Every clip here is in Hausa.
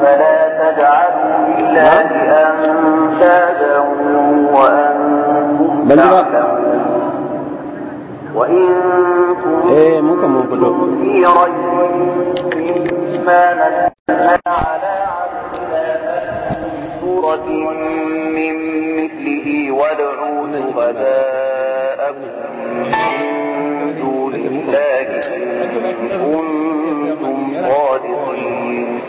فلا تجعلوا لله أندادا وأنتم تعلمون وإن إيه، كنتم في ريب مما نزلنا على عبدنا سورة من مثله وادعوا شهداءكم من دون الله إن الظالمين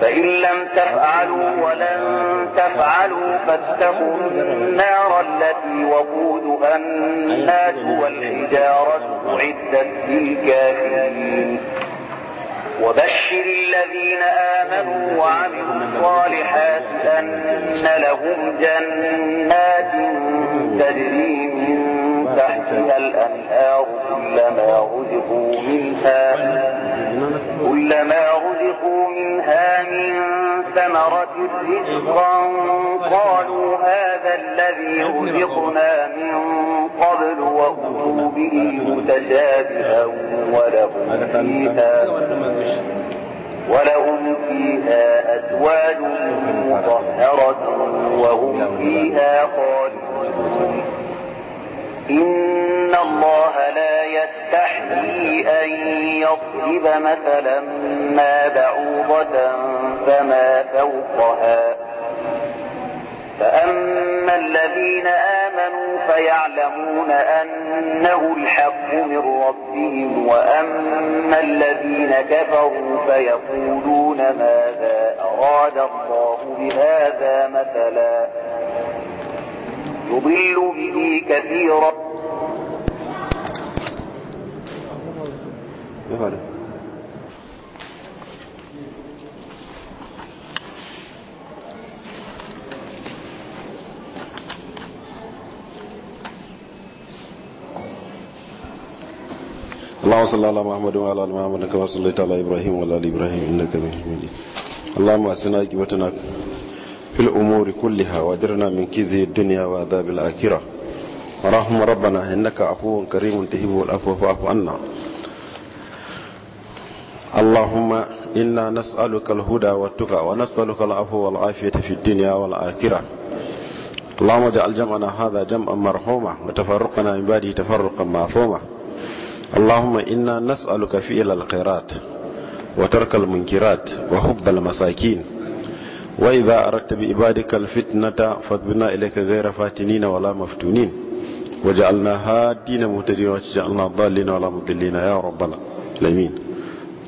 فإن لم تفعلوا ولن تفعلوا فاتقوا النار التي وقودها الناس والحجارة أعدت للكافرين وبشر الذين آمنوا وعملوا الصالحات أن لهم جنات تجري فيها الأنهار كلما رزقوا منها كلما رزقوا منها من ثمرة رزقا قالوا هذا الذي رزقنا من قبل وأتوا به متشابها ولهم فيها ولهم فيها أزواج مطهرة وهم فيها خالدون إن الله لا يستحيي أن يضرب مثلا ما بعوضة فما فوقها فأما الذين آمنوا فيعلمون أنه الحق من ربهم وأما الذين كفروا فيقولون ماذا أراد الله بهذا مثلا يضل به كثيرا اللهم صل على محمد وعلى ال محمد كما صليت على ابراهيم وعلى ال ابراهيم انك حميد مجيد اللهم اسنا عاقبتنا في الأمور كلها ودرنا من كزي الدنيا وعذاب الآخرة اللهم ربنا إنك عفو كريم تهب العفو فاعف عنا اللهم إنا نسألك الهدى والتقى ونسألك العفو والعافية في الدنيا والآخرة اللهم اجعل جمعنا هذا جمعا مرحوما وتفرقنا من بعده تفرقا معصوما اللهم إنا نسألك فعل الخيرات وترك المنكرات وحب المساكين وإذا أردت بإبادك الفتنة فاتبنا إليك غير فاتنين ولا مفتونين وجعلنا هادين مهتدين وجعلنا ضالين ولا مضلين يا ربنا الأمين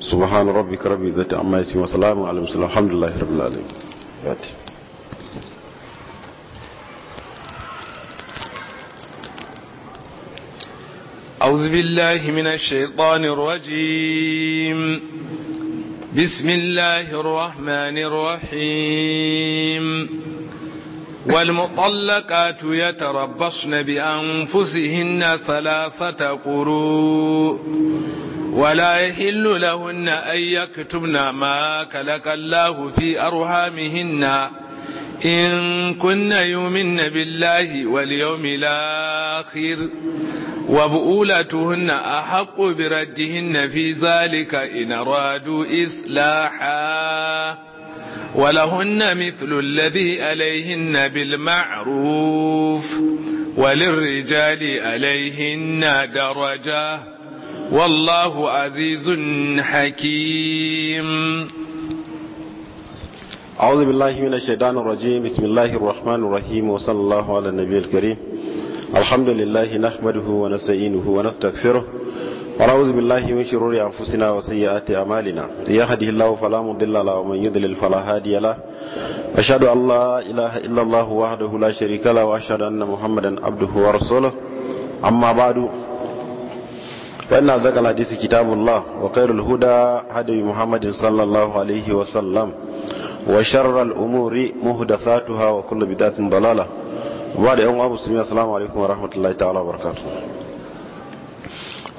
سبحان ربك رب العزة عما يصفون وسلام على المرسلين الحمد لله رب العالمين أعوذ بالله من الشيطان الرجيم بسم الله الرحمن الرحيم والمطلقات يتربصن بأنفسهن ثلاثة قروء ولا يحل لهن أن يكتبن ما كلك الله في أرحامهن إن كن يؤمن بالله واليوم الآخر وبؤولتهن أحق بردهن في ذلك إن رادوا إصلاحا ولهن مثل الذي عليهن بالمعروف وللرجال عليهن درجة والله عزيز حكيم أعوذ بالله من الشيطان الرجيم بسم الله الرحمن الرحيم وصلى الله على النبي الكريم الحمد لله نحمده ونستعينه ونستغفره ونعوذ بالله من شرور أنفسنا وسيئات أعمالنا يهده الله فلا مضل له ومن يضلل فلا هادي له أشهد أن لا إله إلا الله وحده لا شريك له وأشهد أن محمدا عبده ورسوله أما بعد فإن أصدق الحديث كتاب الله وخير الهدى هدي محمد صلى الله عليه وسلم وشر الأمور مهدثاتها وكل بدعة ضلالة ba da yan uwa musulmi assalamu alaikum wa rahmatullahi ta'ala wa barkatu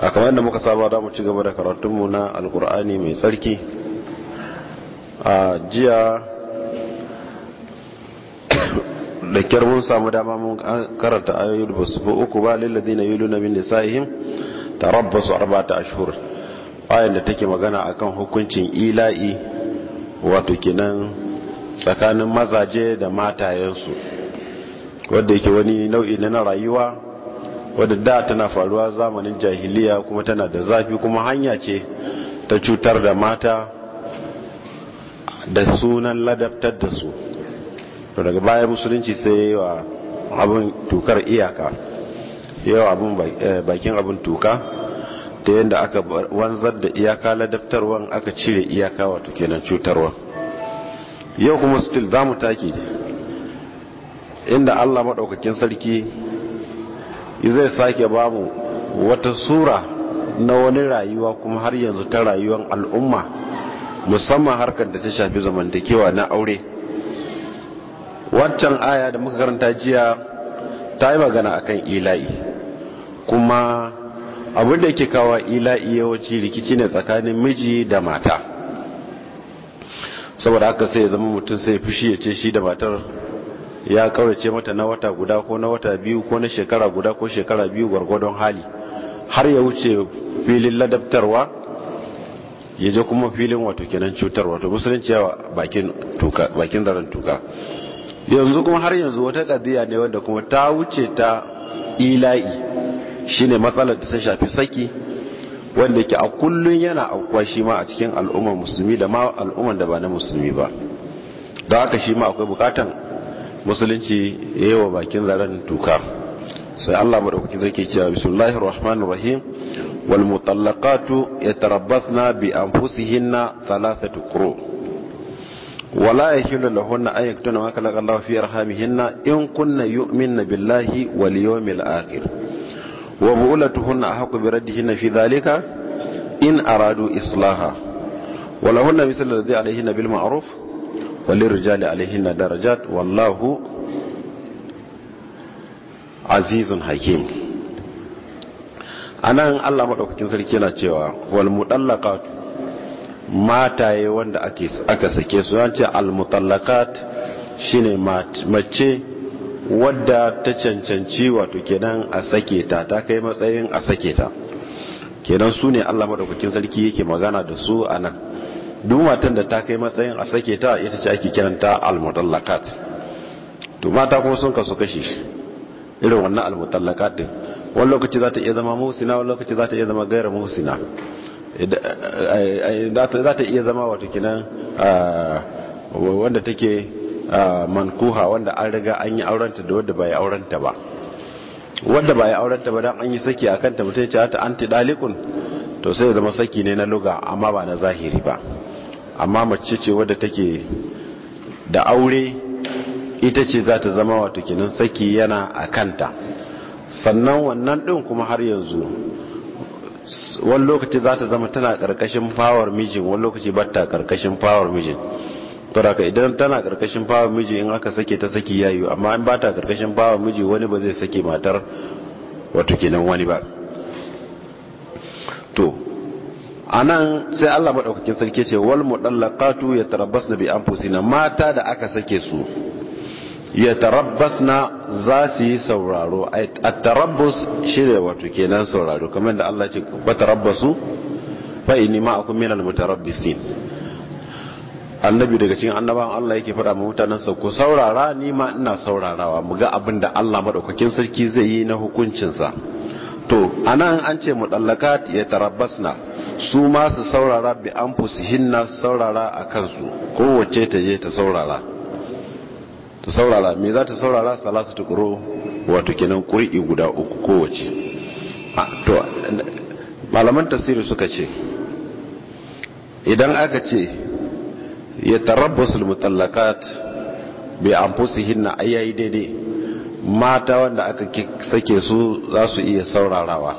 a kamar yadda muka saba da mu ci gaba da karatunmu na alkur'ani mai tsarki a jiya da kyar mun samu dama mun karanta ayoyi da basu uku ba na lillazina yuluna min nisa'ihim tarabbasu arba'ata ashhur ayan da take magana akan hukuncin ila'i wato kenan tsakanin mazaje da matayensu wadda yake wani nau'i na rayuwa wadda da tana faruwa zamanin jahiliya kuma tana da zafi kuma hanya ce ta cutar da mata da sunan ladabtar da su daga baya musulunci sai yawa abin tukar iyaka yawa abin eh, bakin abin tuka ta yadda aka wanzar da iyaka ladabtarwan aka cire iyaka wato kenan cutarwa yau kuma still za mu take inda Allah maɗaukakin sarki zai sake ba mu wata sura na wani rayuwa kuma har yanzu ta rayuwar al'umma musamman harkar da ta shafi zamantakewa na aure waccan aya da muka karanta jiya ta yi magana a kan ila'i kuma abin da yake kawo ila'i yawanci rikici ne tsakanin miji da mata saboda haka sai ya zama mutum sai fushi ya ce shi da matar ya kaurace mata na wata guda ko na wata biyu ko na shekara guda ko shekara biyu gwargwadon hali har ya wuce filin ladabtarwa ya je kuma filin wato kenan cutar wato musulunci yawa bakin zaren tuka yanzu kuma har yanzu wata kadiya ne wanda kuma ta wuce ta ila'i shine matsalar da ta shafi saki wanda ke a kullun yana aukuwa shi ma a cikin al'ummar musulmi da ma al'ummar da ba na musulmi ba don haka shi ma akwai bukatan musulunci ya yi wa bakin zaren tuka sai Allah maɗaukakin zai ke cewa bismillahir rahmanir rahim wal mutallaqatu yatarabbasna bi anfusihinna thalathatu quru wala yahillu lahunna an yaktuna ma khalaqa Allahu fi arhamihinna in kunna yu'minna billahi wal yawmil akhir wa bu'ulatuhunna ahqqu bi raddihinna fi dhalika in aradu islaha ولهن مثل الذي عليهن بالمعروف alaihi na darajat wallahu عزيز hakim anan Allah madaukakin sarki yana cewa wal mutallaqat mataye wanda ake aka sake su yace al mutallaqat shine mace wadda ta cancanci wato kenan a sake ta ta kai matsayin a sake ta kenan su ne Allah madaukakin sarki yake magana da su anan duk matan da ta kai matsayin a sake ta ita ce ake kiranta al-mutallaqat to mata kuma sun kasu kashi irin wannan al-mutallaqat din wani lokaci za ta iya zama musina wani lokaci za ta iya zama gaira musina eh, eh, za ta iya zama wata kinan ah, wanda take ah, mankuha wanda an riga an yi aurenta da wadda ba ya aurenta ba wadda ba ya aurenta ba don an yi saki a kanta mutum ce ta anti dalikun to sai zama saki ne na luga amma ba na zahiri ba amma mace ce wadda take da aure ita ce za ta zama wato kenan saki yana a kanta sannan wannan ɗin kuma har yanzu wani lokaci za ta zama tana ƙarƙashin fawar mijin wani lokaci ba ta ƙarƙashin fawar mijin turaka idan tana ƙarƙashin fawar miji in aka sake ta saki yayu amma in ba ta ƙarƙashin fawar miji wani ba zai sake matar wato kenan wani ba to nan sai Allah maɗaukakin sarki ce wal ya tarabbas na bi na mata da aka sake su ya tarabbas na za su yi sauraro a tarabbus shirya wato kenan sauraro kamar da Allah ce ba tarabbasu nima a kuma yanar mutarabbisin annabi daga cikin annabawan Allah yake faɗa mu mutanen sa ku saurara ni ma ina saurarawa mu ga abin da Allah madaukakin sarki zai yi na hukuncinsa. to anan an ce mutallakat ya tarabbasna su ma su saurara bi an hinna saurara a kansu kowace ta je ta saurara ta saurara me za ta saurara salasu tukuro wato kenan ƙuri'i guda uku kowace to malaman tasiri suka ce idan aka ce ya tarabbasul mutallakat bi an hinna ayayi daidai mata wanda aka sake su za su iya saurarawa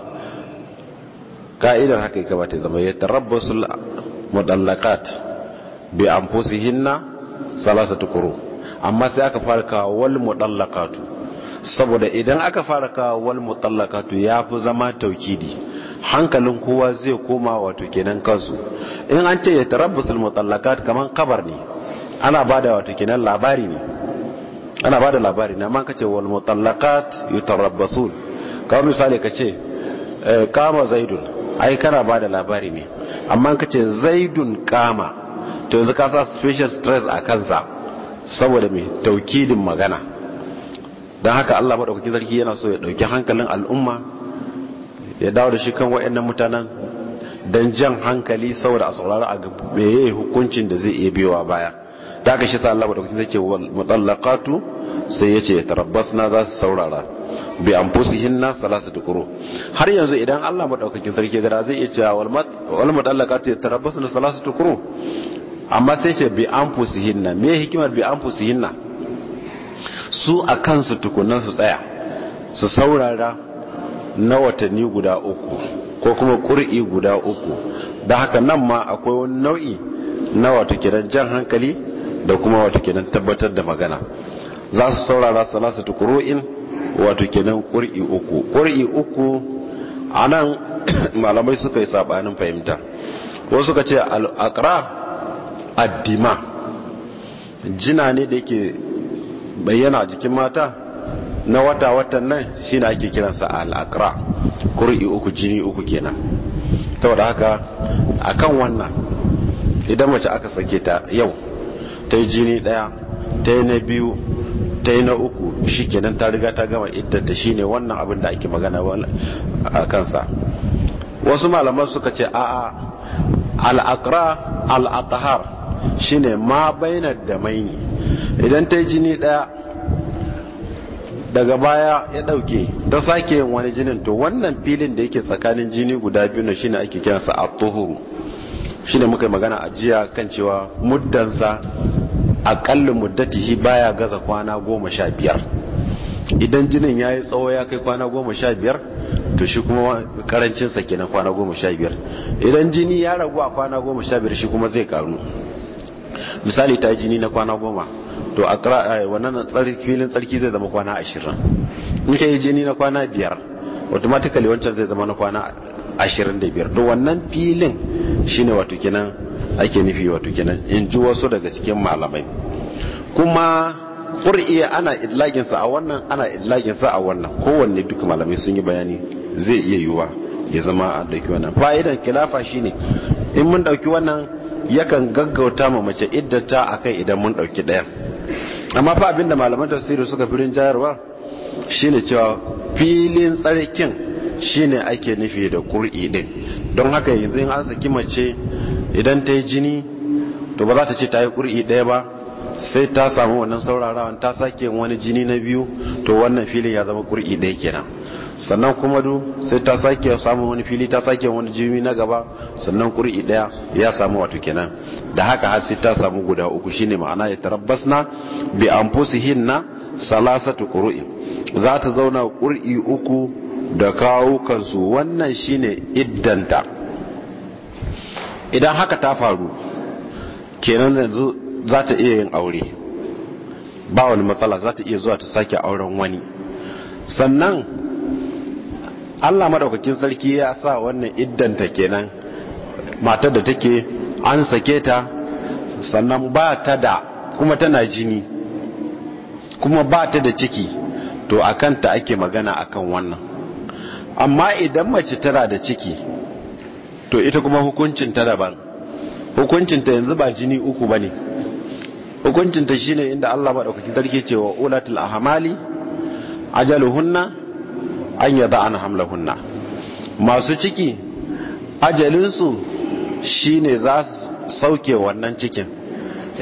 ka'idar haka kama ta zama ya tarabbasul mudallakat bi hinna salasa tukuru amma sai aka fara kawo wal mudallakatu saboda idan aka fara kawo wal ya fi zama taukidi hankalin kowa zai koma wato kenan kansu in an ce ya tarabbasul mudallakat kaman kabar ne ana bada wato kenan labari ne ana bada labari na man kace wal mutallaqat yutarabbasun kawai misali kace eh, kama zaidun ai kana ba da labari ne amma kace zaidun kama to yanzu ka sa special stress a kansa saboda me taukidin magana dan haka Allah madaukakin sarki yana so ya dauki hankalin al'umma ya dawo da shi kan wayannan mutanen dan jan hankali saboda a saurara a meye hukuncin da zai iya biyowa baya ta ga shi sa Allah madaukakin zai ce mutallaqatu sai yace tarabbasna za su saurara bi anfusihinna salasatu quru har yanzu idan Allah madaukakin sarki gada zai iya cewa wal mutallaqatu tarabbasna salasatu quru amma sai ce bi anfusihinna me hikimar bi anfusihinna su a kansu tukunan su tsaya su saurara na watanni guda uku ko kuma ƙuri'i guda uku da haka nan ma akwai wani nau'i na wato kiran jan hankali da kuma wato kenan tabbatar da magana za su saurara salasatu qur'in wato kenan qur'i uku qur'i uku anan malamai suka yi sabanin fahimta wasu suka ce al-aqra jina ne da yake bayyana jikin mata na wata watan nan shine ake kiransa al-aqra qur'i uku jini uku kenan saboda haka akan wannan idan mace aka sake ta yau ta jini ɗaya ta na biyu ta na uku shi kenan ta riga ta gama ta shi ne wannan abin da ake magana a kansa wasu malaman suka ce a'a al'akra al'atahar shi ne ma bainar da maini idan ta jini ɗaya daga baya ya ɗauke ta sake yin wani jinin to wannan filin da yake tsakanin jini guda biyu na shi ne ake kiransa a tuhuru shine muka yi magana a jiya kan cewa muddansa akalla muddatihi baya gaza kwana goma sha biyar idan jinin ya yi tsawo ya kai kwana goma sha biyar to shi kuma karancinsa kenan kwana goma sha biyar idan jini ya ragu a kwana goma sha biyar shi kuma zai karu misali ta jini na kwana goma to a eh, wannan filin tsarki zai zama kwana ashirin in ka yi jini na kwana biyar automatically wancan zai zama na kwana 25 da wannan filin shine wato kenan ake nufi wato kenan in ji wasu daga cikin malamai kuma ƙuri'iya ana idlaginsa a wannan ana idlaginsa a wannan kowanne duka malamai sun yi bayani zai iya yiwuwa ya zama a ɗauki wannan fa'idan kilafa shine in mun ɗauki wannan yakan gaggauta ma mace iddata akai idan mun ɗauki ɗaya amma fa abinda malaman tafsiri suka fi rinjayarwa shine cewa filin tsarkin shine ake nufi da kur'i din don haka yanzu in an saki mace idan ta yi jini to ba za ta ce ta yi kur'i ɗaya ba sai ta samu wannan saurarawan ta sake wani jini na biyu to wannan filin ya zama kur'i ɗaya kenan sannan kuma du sai ta sake samu wani fili ta sake wani jini na gaba sannan kur'i ɗaya ya samu wato kenan da haka har sai ta samu guda uku shine ma'ana ya tarabbasna bi na salasatu qur'in za ta zauna kur'i uku da kawo kansu wannan shine iddanta idan haka ta faru kenan yanzu za ta iya yin aure ba wani matsala za ta iya zuwa ta sake auren wani sannan allah madaukakin sarki ya sa wannan iddanta kenan matar da take an sake ta sannan ba ta da kuma tana jini kuma ba ta da ciki to a kanta ake magana akan wannan amma idan mace tana da ciki to ita kuma hukuncin ta daban hukuncin ta yanzu ba jini uku bane hukuncin ta shine inda Allah madaukakin sarki ce wa ulatul ahmali ajaluhunna an yada'ana hamlahunna masu ciki ajalinsu shine za su sauke wannan cikin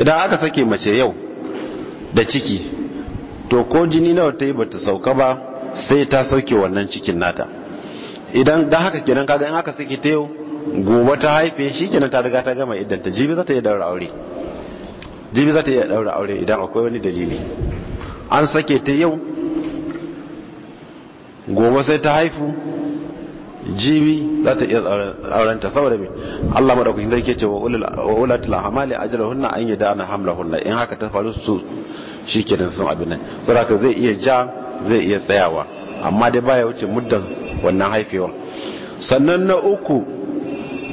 idan aka sake mace yau da ciki to ko jini nawa ta yi bata sauka ba sai ta sauke wannan cikin nata idan da haka kenan kaga in aka saki ta yau gobe ta haife shi kenan ta riga ta gama idan ta jibi za ta iya daura aure jibi za ta iya daura aure idan akwai wani dalili an sake ta yau gobe sai ta haifu jibi za ta iya aurenta saboda mai Allah madaukakin zai ke ce wa ulatul hamali ajalahunna an yadana hamlahunna in haka ta faru su shikenan sun abin nan saboda zai iya ja zai iya tsayawa amma dai baya wuce muddan wannan haifewa sannan na uku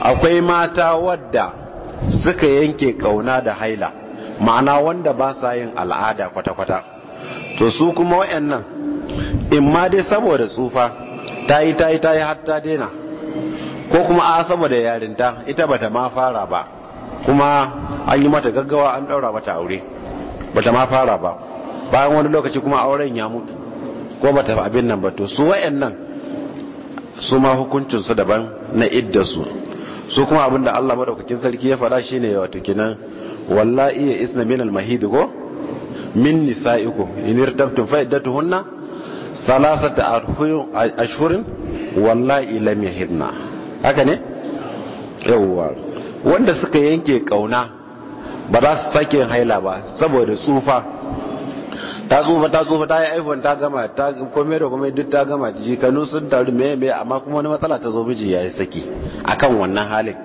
akwai mata wadda suka yanke kauna da haila ma'ana wanda ba sa yin al'ada kwata-kwata to su kuma wayannan in ma dai saboda tsufa ta yi ta yi ta yi har ta daina ko kuma a saboda yarinta ita bata ma fara ba kuma an yi mata gaggawa an daura mata aure bata ma fara ba bayan wani lokaci kuma auren ya mutu ko ba ta abin nan ba to su wayannan su ma hukuncin su daban na idda su su kuma abinda Allah madaukakin sarki ya fara shine wato kinan wallahi ya isna min al-mahid ko min nisaiku in irtabtum fa iddatuhunna thalathata ashhurin wallahi lam yahidna haka ne yawa wanda suka yanke kauna ba za su sake haila ba saboda tsufa ta tsufa ta tsufa ta yi aifon ta gama ta komai da komai duk ta gama jikanu sun taru meye meye amma kuma wani matsala ta zo miji ya yi saki akan wannan halin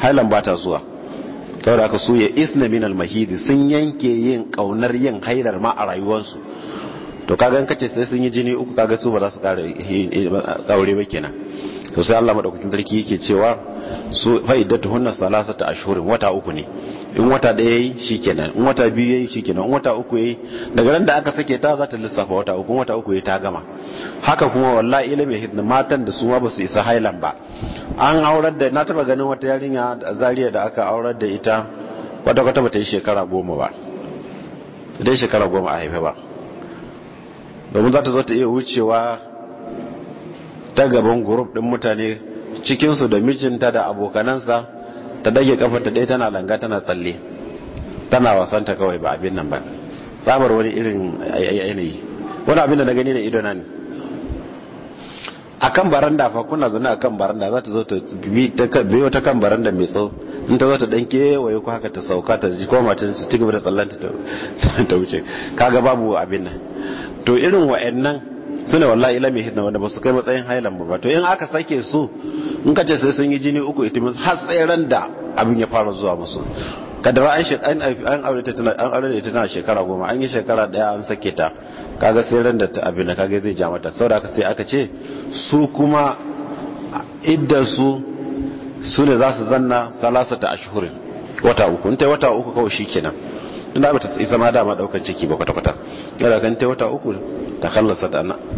halin ba ta zuwa saboda aka suya ya isna min mahidi sun yanke yin kaunar yin hailar ma a rayuwarsu to kaga in kace sai sun yi jini uku kaga su ba za su kare aure ba kenan to sai Allah madaukakin sarki yake cewa su salasa salasata ashhurin wata uku ne in wata ɗaya yi shi kenan in wata biyu yi shi kenan in wata uku yi daga ran da aka sake ta za ta lissafa wata uku wata uku yi ta gama haka kuma wallahi ilimi hidin matan da su ma ba su isa hailan ba an aurar da na taba ganin wata yarinya a zariya da aka aurar da ita wata kwata ba ta yi shekara goma ba ta shekara goma a haife ba domin za ta zo ta iya wucewa ta gaban gurup ɗin mutane cikinsu da mijinta da abokanansa ta dage ƙafar ta dai tana langa tana tsalle tana wasan ta kawai ba abin nan ba tsabar wani irin yanayi wani abin da na gani na ido na ne akan baranda fa kuna zaune akan baranda za ta zo ta bi ta biyo ta kan baranda mai tsawo in ta zo ta dan kewaye ko haka ta sauka ta ji koma ta ci gaba da tsallanta ta wuce kaga babu abin nan to irin wa'annan su ne wallahi lam hidna wanda ba su kai matsayin hailan ba to in aka sake su in ka ce sai sun yi jini uku itimin har ran da abin ya fara zuwa musu kadara an an an aure ta tana ta shekara goma an yi shekara daya an sake ta kaga sai ran da ta abin da kaga zai ja mata da sai aka ce su kuma iddan su su ne za su zanna salasata ashhurin wata uku in ta wata uku kawai kenan. tunda ba ta isa ma dama ciki ba kwata kwata yana kan ta wata uku ta kallasa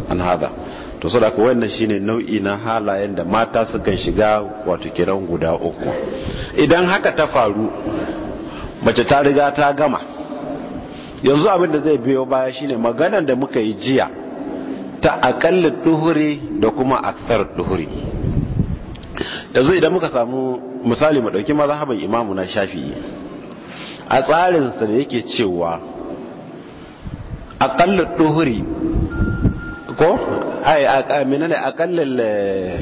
an hada to da haka wannan shine nau'i na halayen da mata sukan shiga wato kiran guda uku idan haka ta faru mace ta riga ta gama yanzu abin da zai biyo baya shine maganar da muka yi jiya ta akalla duhuri da kuma aksar duhuri yanzu idan muka samu misali mu dauki mazhaban imamu na shafi'i a tsarinsa da yake cewa aƙallar ɗuhuri ko ai amina ne aƙallar eh,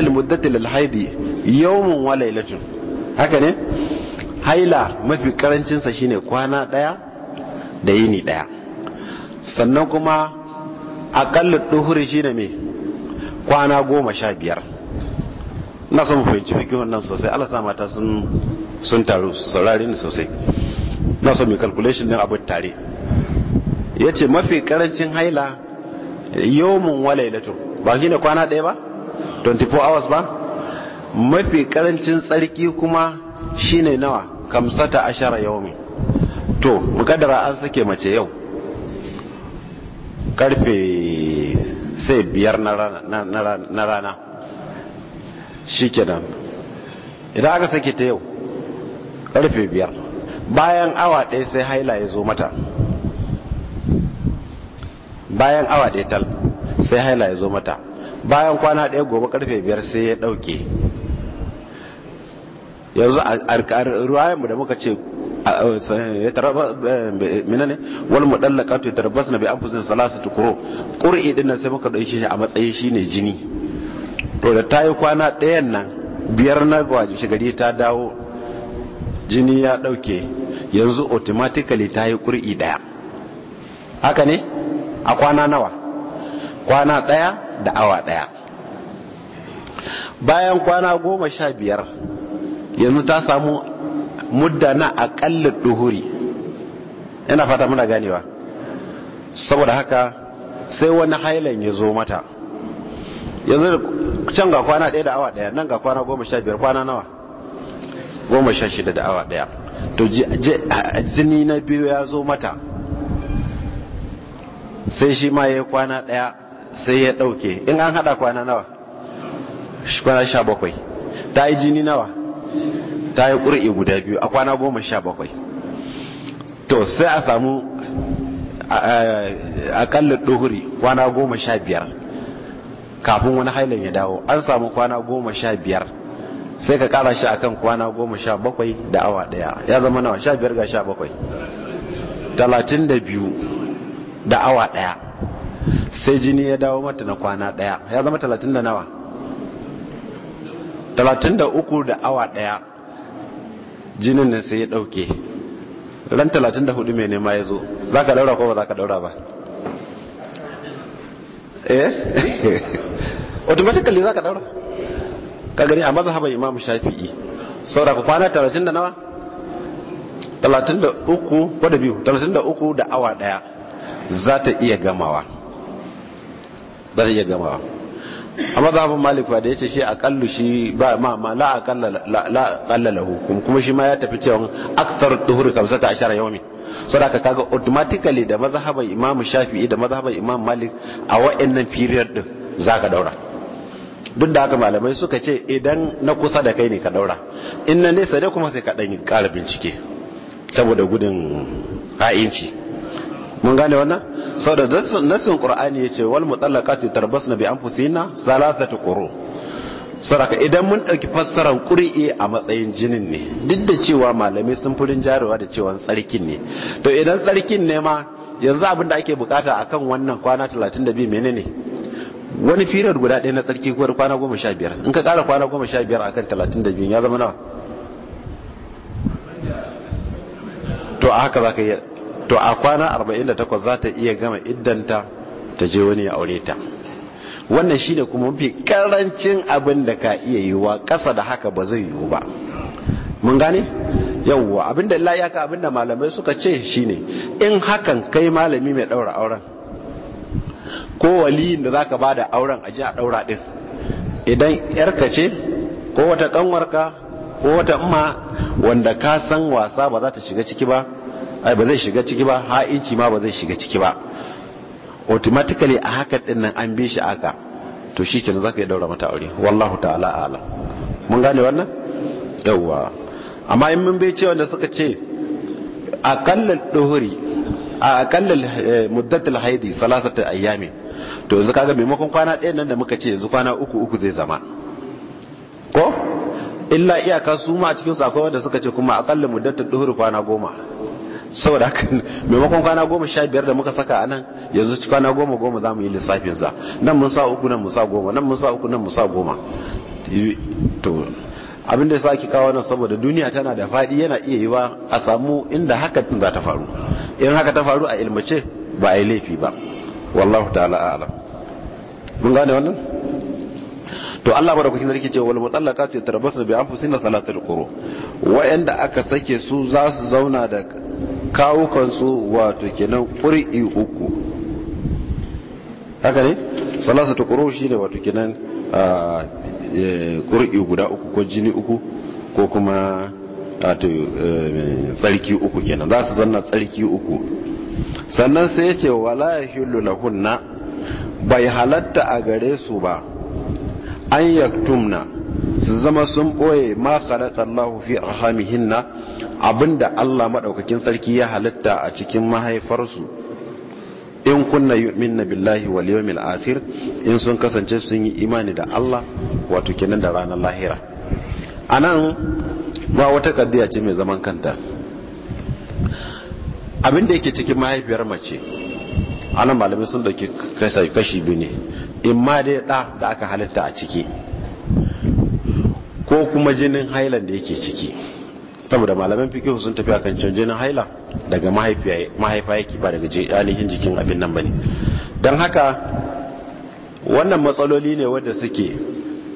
eh, muddatin alhaidi yawon walailatun haka ne haila mafi karancinsa shine kwana daya da yini daya sannan kuma aƙallar ɗuhuri shine mai kwana goma sha biyar na son fahimci fikin nan sosai Allah sama mata sun sun taru su saurari ni sosai na son mai calculation din abin tare ya ce mafi karancin haila yawon walailatun ba shi ne kwana ɗaya ba 24 hours ba mafi karancin tsarki kuma shi ne nawa kamsata ashara yawon to mukaddara an sake mace yau karfe sai biyar na rana shi shikenan idan aka sake ta yau karfe biyar bayan awa ɗaya sai haila ya zo mata bayan awa ɗaya tal sai haila ya zo mata bayan kwana ɗaya gobe karfe biyar sai ya ɗauke yanzu a ruwayenmu da muka ce wani mu minane wal mudallaqatu yatarabbasna bi salasa tukuro ƙuri'i ɗin nan sai muka ɗauki shi a matsayin shi ne jini to da ta yi kwana ɗayan nan biyar na gwaji gari ta dawo jini ya ɗauke yanzu automatically ta yi ƙuri ɗaya haka ne a kwana nawa kwana ɗaya da awa ɗaya bayan kwana goma sha biyar yanzu ta samu mudda na aƙalla duhuri ina fata muna ganewa saboda haka sai wani hailan ya zo mata yanzu can ga kwana ɗaya da awa ɗaya nan ga kwana goma sha biyar kwana nawa goma sha shida da awa ɗaya to jini na biyu ya zo mata sai shi ma ya yi kwana ɗaya sai ya ɗauke in an haɗa kwana nawa kwana sha bakwai ta yi jini nawa ta yi ƙuri'i guda biyu a kwana goma sha bakwai to sai a samu aƙalla ɗuhuri kwana goma sha biyar kafin wani hailan ya dawo an samu kwana goma sha biyar sai ka kara shi akan kwana goma sha bakwai da awa daya ya zama nawa sha biyar ga sha bakwai talatin da biyu da awa daya sai jini ya dawo mata na kwana daya ya zama talatin da nawa talatin da uku da awa daya jinin nan sai ya dauke ran talatin da hudu mai nema ya zo za ka daura ko ba za ka daura ba eh automatically za ka daura ka gani a mazhaban imam shafi'i saura ku kwana talatin da nawa talatin da uku biyu talatin da uku da awa daya za ta iya gamawa za ta iya gamawa a mazhabin malifa da ya ce shi akallu shi ba ma ma la akalla lahu kuma shi ma ya tafi cewa akthar duhur kamsata ashara yawmi saboda kaga automatically da mazhaban imam shafi'i da mazhaban imam malik a wa'annan period din zaka daura duk da haka malamai suka ce idan na kusa da kai ne ka daura in na nesa ne kuma sai ka dan ƙara bincike saboda gudun ha'inci mun gane wannan saboda nasin qur'ani yace wal mutallaqati tarbasna bi anfusina salasata quru saraka idan mun ɗauki fassarar ƙuri'i a matsayin jinin ne duk da cewa malamai sun furin jarewa da cewa tsarkin ne to idan tsarkin ne ma yanzu abin da ake bukata akan wannan kwana 32 menene wani firar guda ɗaya na tsarki kuwar kwana 15 in ka ƙara kwana 15 akan 32 ya zama nawa to a haka za ka yi to a kwana 48 za ta iya gama iddanta ta je wani ya aure ta wannan shine kuma mafi karancin abin da ka iya yiwuwa kasa da haka ba zai yiwu ba mun gane yawwa abinda Allah ya ka abinda malamai suka ce shine in hakan kai malami mai daura auren ko waliyin da zaka bada auren a ji a daura din idan yarka ce ko wata kanwarka ko wata umma wanda ka san wasa ba za ta shiga ciki ba ai ba zai shiga ciki ba ha'inci ma ba zai shiga ciki ba automatically a haka din nan an bi shi aka to shi kenan zaka yi daura mata aure wallahu ta'ala ala mun gane wannan yawa amma in mun bai ce wanda suka ce aqallal duhuri a aqallal eh, muddatul haidi salasata ayami to yanzu kaga maimakon kwana ɗaya nan da muka ce yanzu kwana uku uku zai zama ko illa iyaka su ma a cikin sakon wanda suka ce kuma akalla muddatul duhuri kwana goma saboda haka maimakon kwana goma sha biyar da muka saka a nan yanzu kwana goma goma za mu yi lissafinsa nan mun sa uku nan mu sa goma nan mun sa uku nan mu sa goma to abin da sa ake kawo nan saboda duniya tana da faɗi yana iya yiwa a samu inda haka za ta faru in haka ta faru a ilmace ba a yi laifi ba wallahu ta'ala a'lam mun gane wannan to Allah madaukakin sarki ce wal mutallaqat yatarabbasna bi anfusihinna thalathal quru wa'anda aka sake su za su zauna da kawukansu wato kenan ƙuri'i uku haka ne salasa ta ƙuro shi ne wato kenan e, ƙuri'i guda uku ko jini uku ko kuma e, tsarki uku kenan za su zanna tsarki uku sannan sai ya ce wa ya lahunna bai halatta a gare su ba an yaktumna su zama sun ɓoye ma khalaqa Allahu fi arhamihinna Abin da Allah maɗaukakin sarki ya halitta a cikin mahaifarsu in kunna na billahi wal yawmil akhir in sun kasance sun yi imani da Allah wato kenan da ranar lahira anan ba wata kaddiya ce mai zaman kanta Abin da yake cikin mahaifiyar mace anan malamai sun dauki kashi biyu ne in ma dai da da aka halitta a ciki ko kuma jinin hailan da yake ciki saboda malaman fikihu sun tafi akan canje na haila daga mahaifa yake ba daga ainihin jikin abin nan bane don haka wannan matsaloli ne wadda suke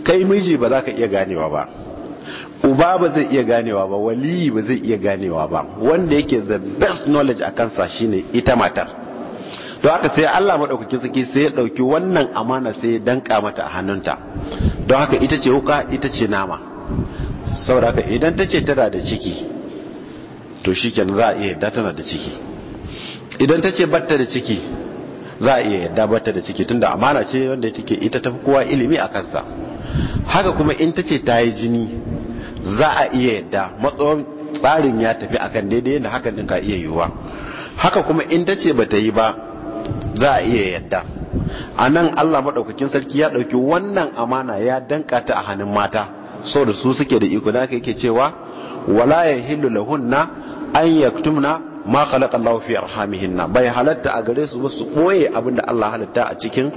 kai miji ba za ka iya ganewa ba uba ba zai iya ganewa ba waliyi ba zai iya ganewa ba wanda yake the best knowledge a kansa shine ita matar don haka sai Allah maɗaukakin sarki sai ya ɗauki wannan amana sai ya danka mata a hannunta don haka ita ce wuka ita ce nama saboda haka idan ta ce tana da ciki to shi za a iya yadda tana da ciki idan ta ce batta da ciki za a iya yadda batta da ciki tunda amana ce wanda ke ita tafi kowa ilimi a kansa haka kuma in ta ce ta yi jini za a iya yadda matsawon tsarin ya tafi a kan daidai yadda hakan din ka iya yiwuwa haka kuma in ta ce ba ta yi ba za a iya yadda a nan allah maɗaukakin sarki ya ɗauki wannan amana ya danka ta a hannun mata da su suke da iko da aka yake cewa wala ya hillu lahunna an yaktumna ma khalaqa Allahu fi arhamihinna bai halatta a gare su ba su boye abinda Allah halatta a cikin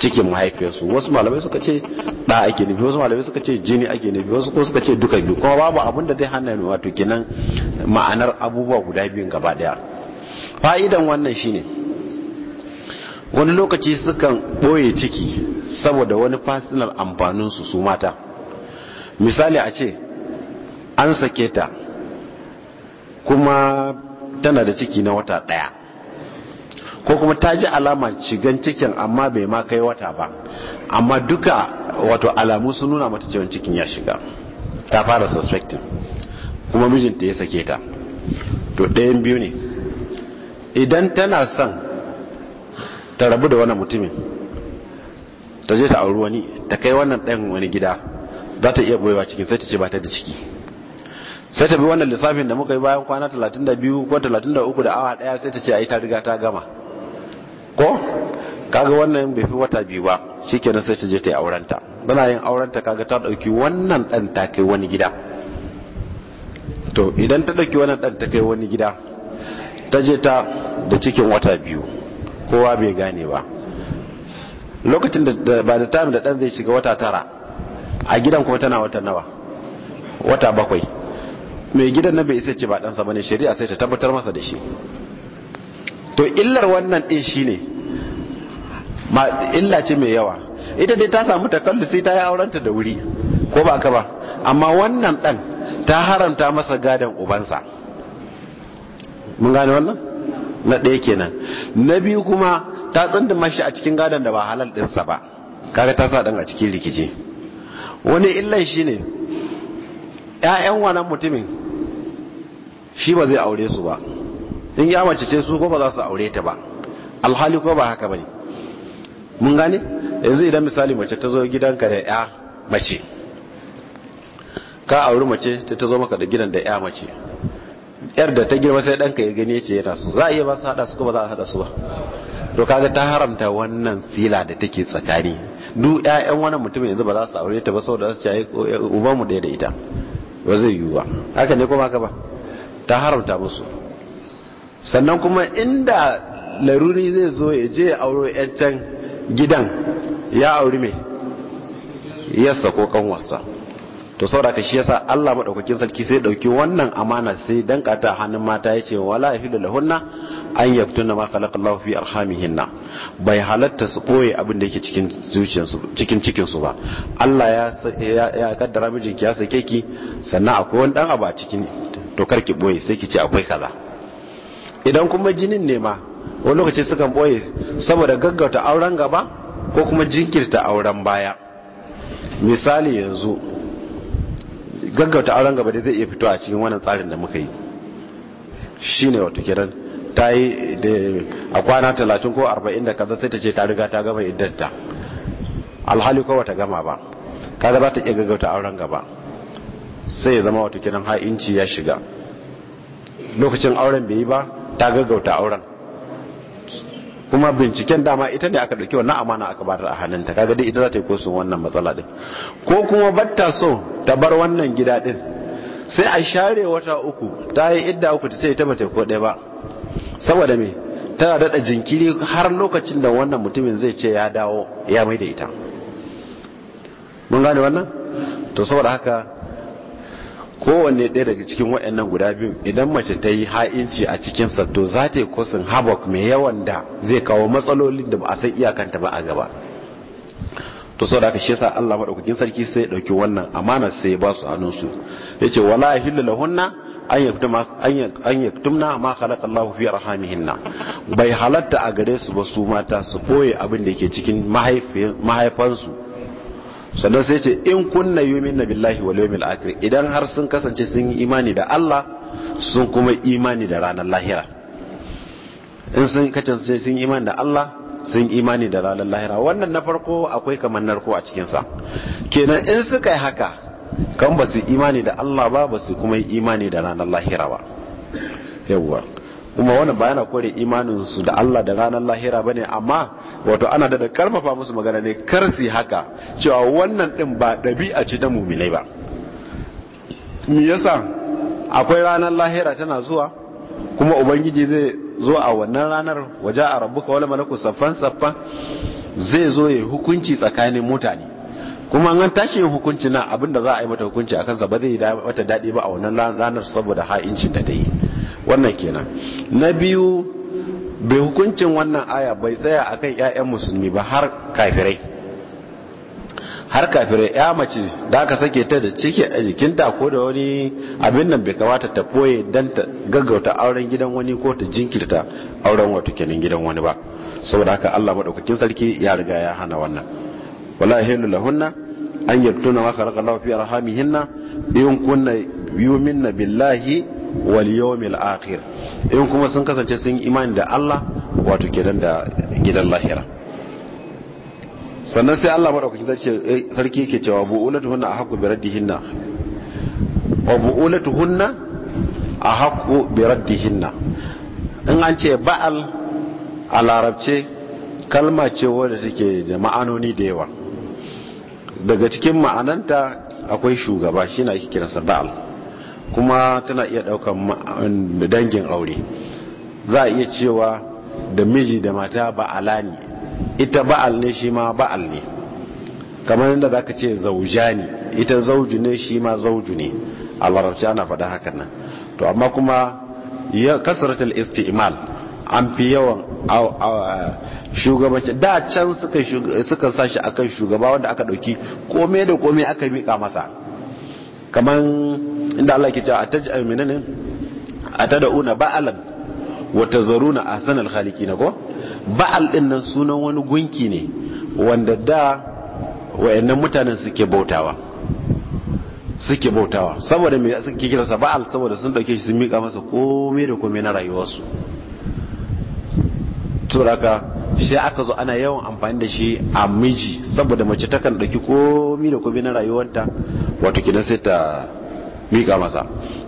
cikin mahaifiyarsu wasu malamai suka ce da ake nufi wasu malamai suka ce jini ake nufi wasu ko suka ce duka biyu kuma babu abin da zai hana wato kenan ma'anar abubuwa guda biyun gaba daya fa'idan wannan shine wani lokaci sukan boye ciki saboda wani fasinal amfanin su su mata misali a ce an sake ta kuma tana da ciki na wata daya ko kuma ta ji alama shigan cikin amma bai ma kai wata ba amma duka wato alamu sun nuna mata cewa cikin ya shiga ta fara suspecting kuma mijinta ya sake ta to ɗayan biyu ne idan tana son ta rabu da wani mutumin ta je ta auri wani ta kai wannan ɗan wani gida za ta iya goyewa cikin sai ta ce ba ta da ciki sai ta bi wannan lissafin da muka yi bayan kwana 32 ko 33 da awa daya sai ta ce ai ta riga ta gama ko kaga wannan bai fi wata biyu ba shikenan sai ta je ta yi aurenta bana yin aurenta kaga ta dauki wannan dan ta kai wani gida to idan ta dauki wannan dan ta kai wani gida ta je ta da cikin wata biyu kowa bai gane ba lokacin da ba da time da dan zai shiga wata tara a gidan kuma tana wata nawa wata bakwai mai gidan na bai isa ce ba ɗansa bane shari'a sai ta tabbatar masa da shi to illar wannan ɗin shine ma illa ce mai yawa ita dai ta samu sai ta yi aurenta da wuri ko ba ka ba amma wannan ɗan ta haramta masa gadon ubansa mun gane wannan na ɗaya kenan na biyu kuma ta tsindin mashi a cikin gadon da ba halal ɗinsa ba kaga ta sa ɗan a cikin rikici wani illan shi ne ‘ya'yan wannan mutumin shi ba zai aure su ba in ya mace ce su ko ba za su aure ta ba alhali ko ba haka ba ne mun gane yanzu idan misali mace ta zo gidanka da ‘ya mace ka auri mace ta ta zo maka da gidan da ‘ya mace ‘yar da ta girma sai ɗanka ya gani ya ce yana su za a iya ba su haɗa su ko ba za a haɗa su ba to kaga ta haramta wannan sila da take tsakani duk ƴaƴan wani mutum yanzu ba za su aure ta ba saboda su ce eh, uban mu ɗaya da ita ba zai yiwu ba haka ne kuma haka ba ta haramta musu sannan kuma inda laruri zai zo ya je auro ƴan gidan ya auri mai yassa ko kanwarsa to saboda shi yasa Allah madaukakin sarki sai dauki wannan amana sai danka ta hannun mata yace wala yahidu lahunna an yaktuna ma khalaqallahu fi arhamihinna bai halatta su boye abin da yake cikin su cikin cikin su ba Allah ya ya kaddara ki ya sake ki sannan akwai wani dan aba cikin to karki boye sai ki ce akwai kaza idan kuma jinin ne ma wani lokaci sukan boye saboda gaggauta auren gaba ko kuma jinkirta auren baya misali yanzu gaggauta auren gaba da zai iya fito a cikin wannan tsarin da muka yi shi ne wato kiran ta yi da a kwana talatin ko arba'in da kaza sai ta ce ta riga ta gama iddanta alhali ko ta gama ba kaga za ta iya gaggauta auren gaba sai ya zama wato kiran ha'inci ya shiga lokacin auren bai yi ba ta gaggauta auren kuma binciken dama ita ne aka ɗauki wannan amana aka bata a hannunta kaga dai ita za ta yi kosu wannan matsala din ko kuma batta so ta bar wannan gida din sai a share wata uku ta yi idda uku ta ce ita bata ko ɗaya ba saboda me tana daɗa jinkiri har lokacin da wannan mutumin zai ce ya dawo ya mai da ita mun gane wannan to saboda haka kowanne ɗaya daga cikin waɗannan guda biyu idan mace ta yi ha'inci a cikin sato za ta yi kosin havoc mai yawan da zai kawo matsalolin da ba a san iyakanta ba a gaba to sau da aka shi yasa Allah maɗaukakin sarki sai ya ɗauki wannan amana sai ya ba su hannun su ya ce wala hillu lahunna an yi tumna ma halatta Allahu fi arhamihinna bai halatta a gare su ba su mata su koye abin da ke cikin mahaifansu sannan sai ce in kunna na billahi wal yawmil akhir idan har sun kasance sun yi imani da Allah sun kuma imani da ranar lahira in sun kasance sun yi imani da Allah sun imani da ranar lahira wannan na farko akwai kamar narko a cikin sa kenan in suka yi haka kan ba su imani da Allah ba ba su kuma yi imani da ranar lahira ba yawwa kuma wannan ba yana kore imanin su da Allah da ranar lahira bane amma wato ana da karfafa musu magana ne kar haka cewa wannan din ba dabi'a ce ta mu'minai ba me yasa akwai ranar lahira tana zuwa kuma ubangiji zai zo a wannan ranar waje a rabbuka wala malaku saffan saffan zai zo ya hukunci tsakanin mutane kuma an tashi hukunci na abinda za a yi mata hukunci akan sa ba zai mata daɗi ba a wannan ranar saboda ha'incin da ta yi wannan kenan na biyu bai hukuncin wannan aya bai tsaya akan ƴaƴan musulmi ba har kafirai har kafirai ya mace da aka sake ta da ciki a jikinta ko da wani abin nan bai kamata ta boye don ta gaggauta auren gidan wani ko ta jinkirta auren wato kenan gidan wani ba saboda haka Allah madaukakin sarki ya riga ya hana wannan wala hilu lahunna an yaktuna ma raka Allahu fi arhamihinna in kunna yu'minna billahi wal yawmil akhir in kuma sun kasance sun imani da Allah wato kenan da gidan lahira sannan sai Allah madaukakin sarki eh, yake cewa bu'ulatuhunna ahqqu bi raddihinna wa bu bu'ulatuhunna ahqqu bi raddihinna in an ce ba'al a larabce kalma ce wadda take da ma'anoni da yawa daga cikin ma'ananta akwai shugaba shi na yake kiransa ba'al kuma tana iya daukan dangin aure za a iya cewa da miji da mata ba'ala ne ita ba'al ne shi ma ba'al ne kamar yadda za ka ce zauja ne ita zauju ne shi ma zauju ne a larabci ana faɗa hakan nan to amma kuma kasaratul istimal an fi yawan shugabanci da can suka sashi akan shugaba wanda aka ɗauki kome da kome aka miƙa masa kamar inda Allah ke cewa ataj eh, minane atadauna ba'alan wa tazaruna al khaliqina ko ba'al din nan sunan wani gunki ne wanda da wayannan mutanen suke bautawa suke bautawa saboda me suke kira sa ba'al saboda sun dauke shi sun mika masa komai da komai na rayuwarsu turaka shi aka zo ana yawan amfani da shi a miji saboda mace takan dauki komai da komai na rayuwarta wato kidan sai ta mika masa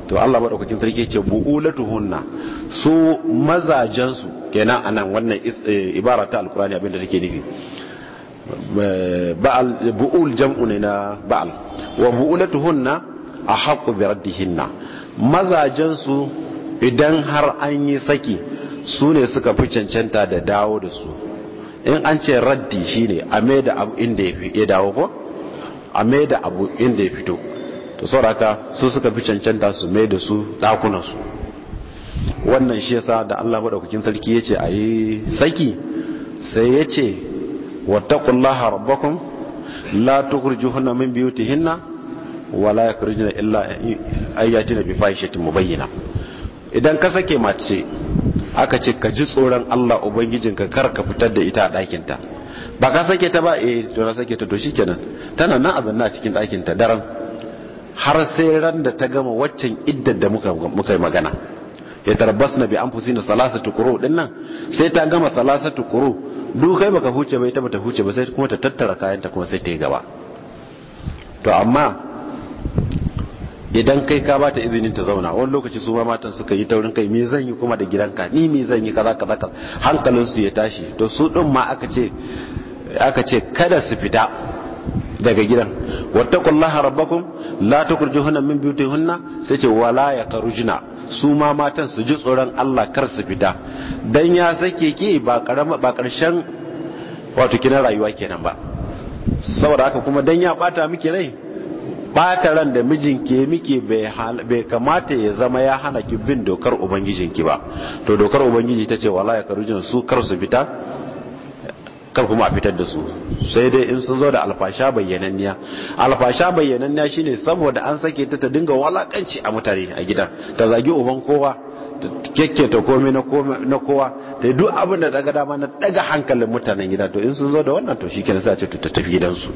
to Allah madaukakin sarki ce bu'ulatuhunna su mazajen su kenan anan wannan eh, ibara ta alkurani abinda take nufi eh, ba'al bu'ul jam'u ne na ba'al wa bu'ulatuhunna ahaqqu bi raddihinna mazajen su idan har an yi saki su ne suka fi cancanta da dawo da su in an ce raddi shine a mai da abu inda ya dawo ko a mai da abu inda ya fito to sauraka su suka fi cancanta su mai da su ɗakunansu wannan shi yasa da allah maɗaukakin sarki ya ce a yi saki sai ya ce wattakullaha rabbakum la tukhrijuhunna min wala ya kuri jina illa ayatina bi mu mubayyina idan ka sake mace aka ce ka ji tsoron Allah ubangijinka kar ka fitar da ita a ɗakinta ba ka sake ta ba eh to na sake ta to kenan tana nan a zanna a cikin ɗakinta daren har sai ran da ta gama waccan iddar da muka yi magana ya tarbas na bi an fusi na salasa tukuru din nan sai ta gama salasa tukuru dukai ba baka huce bai ta bata huce ba sai kuma ta tattara kayan ta kuma sai ta yi gaba to amma idan kai ka bata izinin ta zauna wani lokaci su ma matan suka yi taurin kai me zan yi kuma da gidan ka ni me zan yi kaza kaza kaza hankalin su ya tashi to su din ma aka ce aka ce kada su fita daga gidan wattaqullaha rabbakum la tukhrijuhunna min tehunna sai ce wala yakhrujna su ma matan su ji tsoron Allah kar su fita don ya sake ki ba karshen wato kinan rayuwa kenan ba saboda haka kuma dan ya bata miki rai bata ran da mijinki miki bai kamata ya zama ya hana ki bin dokar ubangijinki ba to dokar ubangiji ta ce wala ya karujin su kar su fita kar kuma a fitar da su sai dai in sun zo da alfasha bayyananniya alfasha bayyananniya shine saboda an sake ta ta dinga walakanci a mutane a gida ta zagi uban kowa ta ta komai na kowa ta duk abin da daga dama na daga hankalin mutanen gida to in sun zo da wannan to shi kenan sai a ce ta tafi gidansu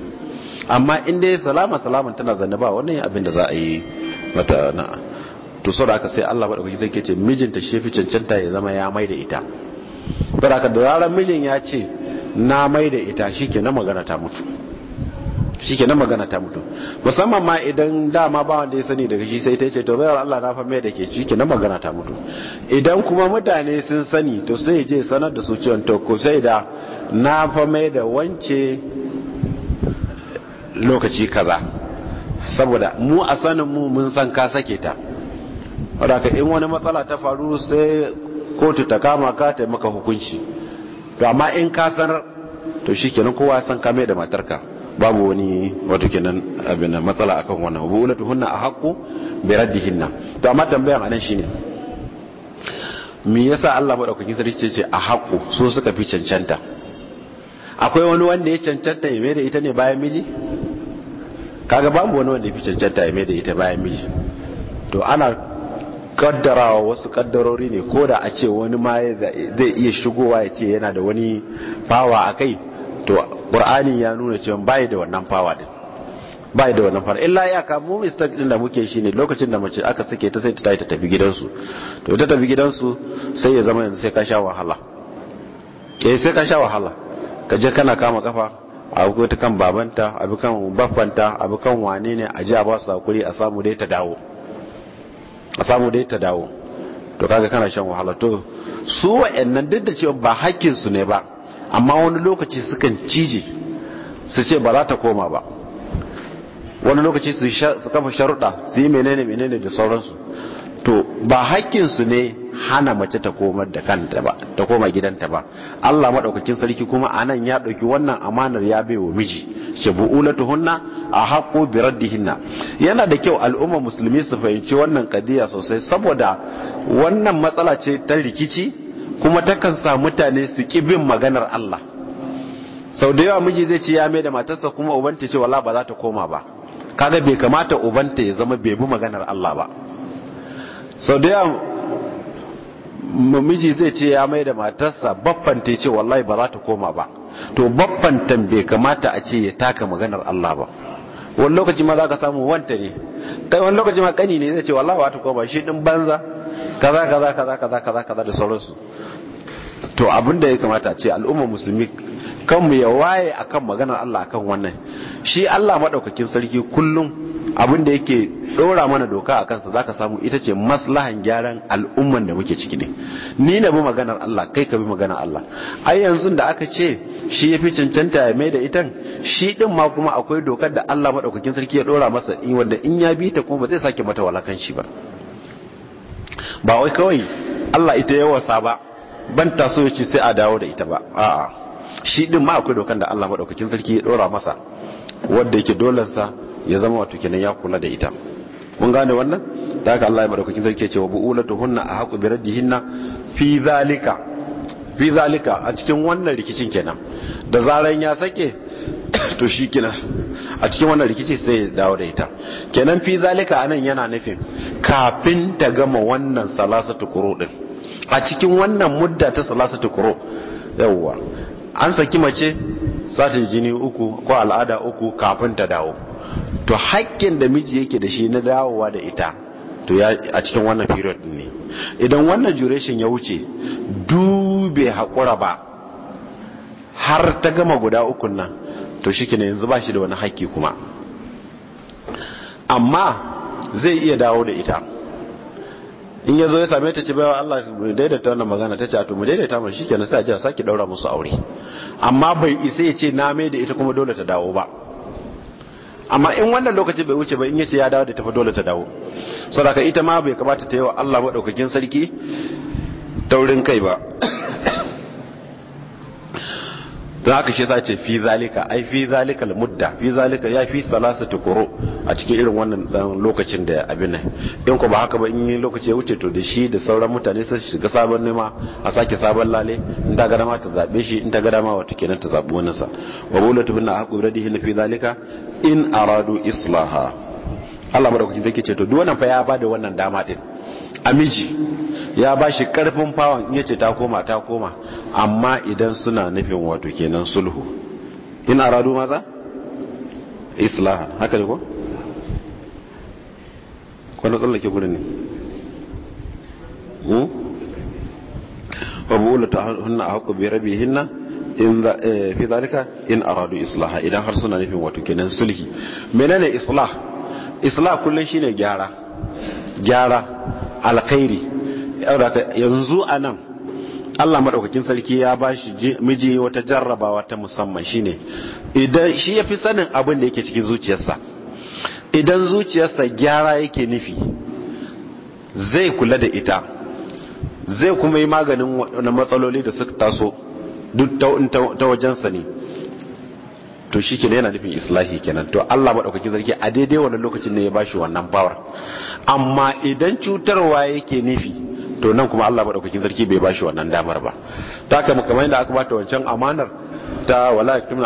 amma in dai salama salaman tana zanne ba wannan abin da za a yi mata na to saboda haka sai Allah madaukaki zai ce mijinta shefi cancanta ya zama ya mai da ita saboda haka da zarar mijin ya ce na mai da ita shi ke na magana ta mutu musamman ma idan dama ba wanda ya sani daga shi sai ta ce to bayar Allah na fa mai da ke shi ke na magana ta mutu idan kuma mutane sun sani to sai je sanar da su ciwon to ko sai da na fa mai da wance lokaci kaza saboda mu a sanin mu mun san ka sake ta wadaka in wani matsala ta faru sai kotu ta kama ka ta maka hukunci to amma in ka sanar to shikenan kowa san ka mai da matarka babu wani wato kenan abin matsala akan wannan bulatu hunna a bi raddihinna to amma tambayan anan shine me yasa Allah madaukakin sarki ce a ahqqu so suka fi cancanta akwai wani wanda ya cancanta ya mai da ita ne bayan miji kaga babu wani wanda ya fi cancanta ya mai da ita bayan miji to ana kaddarawa wasu kaddarori ne ko da a ce wani ma zai iya shigowa ya ce yana da wani fawa a kai to ƙur'ani ya nuna cewa bai da wannan fawa din bai da wannan fara illa ya ka mu mistake din da muke shi ne lokacin da mace aka sake ta sai ta tafi ta tafi gidansu to ta tafi gidansu sai ya zama yanzu sai ka sha wahala ke eh, sai ka sha wahala ka je kana kama kafa abu ta kan babanta abu kan baffanta abu kan wane ne a ji a ba su hakuri a samu dai ta dawo a samu dai ta dawo to kaga kana shan wahala to su wa'annan duk da cewa ba hakkin su ne ba amma wani lokaci sukan cije su ce ba za ta koma ba wani lokaci su kafa sharuɗa su yi menene menene da sauransu to ba hakkin su ne hana mace ta komar da kanta ba ta koma gidanta ba Allah madaukakin sarki kuma anan ya dauki wannan amanar ya baiwa miji shabu'ulatuhunna birar bi raddihinna yana da kyau al'umma musulmi su fahimci wannan kadiya sosai saboda wannan matsala ce ta rikici kuma takan sa mutane su kibin bin maganar Allah sau da yawa miji zai ce ya mai da matarsa kuma ubanta ce wala ba za ta koma ba kaga bai kamata ubanta ya zama bai bi maganar Allah ba sau da yawa mamiji zai ce ya mai da matarsa baffan ta ce wallahi ba za ta koma ba to baffan tambe kamata a ce ya taka maganar Allah ba wani lokaci ma za ka samu wanta ne wani lokaci ma kani ne zai ce wallahi ba ta koma shi din banza kaza kaza kaza kaza kaza kaza da sauransu to abin da ya kamata a ce al'umma musulmi kanmu ya waye akan maganar Allah akan wannan shi Allah madaukakin sarki kullum abin da yake dora mana doka a kansa zaka samu ita ce maslahan gyaran al'umman da muke ciki ne ni na bi maganar Allah kai ka bi maganar Allah ai yanzu da aka ce shi yafi cancanta ya mai da itan shi din ma kuma akwai dokar da Allah madaukakin sarki ya dora masa in wanda in ya bi ta kuma ba zai sake mata shi ba ba wai kawai Allah ita ya wasa ba ban ta so yace sai a dawo da ita ba a'a shi din ma akwai dokan da Allah madaukakin sarki ya dora masa wanda yake dolansa ya zama wato kenan ya kula da ita kun gane wannan da haka Allah ya madaukakin sarki ce wa a ahqu bi raddihinna fi zalika fi zalika a cikin wannan rikicin kenan da zaran ya sake to shi kenan a cikin wannan rikici sai ya dawo da ita kenan fi zalika anan yana nufin kafin ta gama wannan salasatu quru din a cikin wannan mudda ta salasatu quru yawwa an saki mace satin jini uku ko al'ada uku kafin ta dawo to haƙƙin da miji yake da shi na dawowa da ita to ya a cikin wannan period ne idan wannan duration ya wuce dube haƙura ba har ta gama guda ukun nan to shikenan yanzu ba shi da wani haƙƙi kuma amma zai iya dawo da ita in ya zo ya same ta ci baiwa Allah mu daidaita wannan magana ta ce to mu daidaita mu shikenan sai a ji a sake daura musu aure amma bai isa ya ce na mai da ita kuma dole ta dawo ba amma in wannan lokaci bai wuce ba in yace ya dawo da tafi dole ta dawo saboda ita ma bai kamata ta yi wa Allah madaukakin sarki taurin kai ba don haka shi ce fi zalika ai fi zalika mudda fi zalika ya fi salasatu quru a cikin irin wannan dan lokacin da abin nan in ko ba haka ba in yi lokaci ya wuce to da shi da sauran mutane sai shiga sabon nema a sake sabon lale in ta ga dama ta zabe shi in ta ga dama wato kenan ta zabi wannan sa wa bulatu bin aqub radihi fi zalika in aradu islaha Allah madaukakin take ce to duk wannan fa ya bada wannan dama din amiji ya bashi karfin fawon in yace ta koma ta koma amma idan suna nufin wato kenan sulhu in aradu maza islaha haka ne ko kwanu tsallake gudun ne babu hmm? wa ta hunna a haƙo biyar biyu in eh, in aradu islaha idan har suna nufin wato kenan sulhi menene islah islah kullun shine gyara gyara alkhairi yanzu anan Allah madaukakin sarki ya bashi miji wata jarrabawa ta musamman shine idan shi yafi sanin abin da yake cikin zuciyarsa idan zuciyarsa gyara yake nufi zai kula da ita zai kuma yi maganin matsaloli da suka taso duk ta wajensa ne to shi ke yana nufin islahi kenan to Allah maɗaukakin sarki a daidai wannan lokacin ne ya bashi wannan bawar amma idan cutarwa yake nufi to nan kuma Allah maɗaukakin sarki bai bashi wannan damar ba ta kama kamar yadda aka bata wancan amanar حتى ولا يكتمن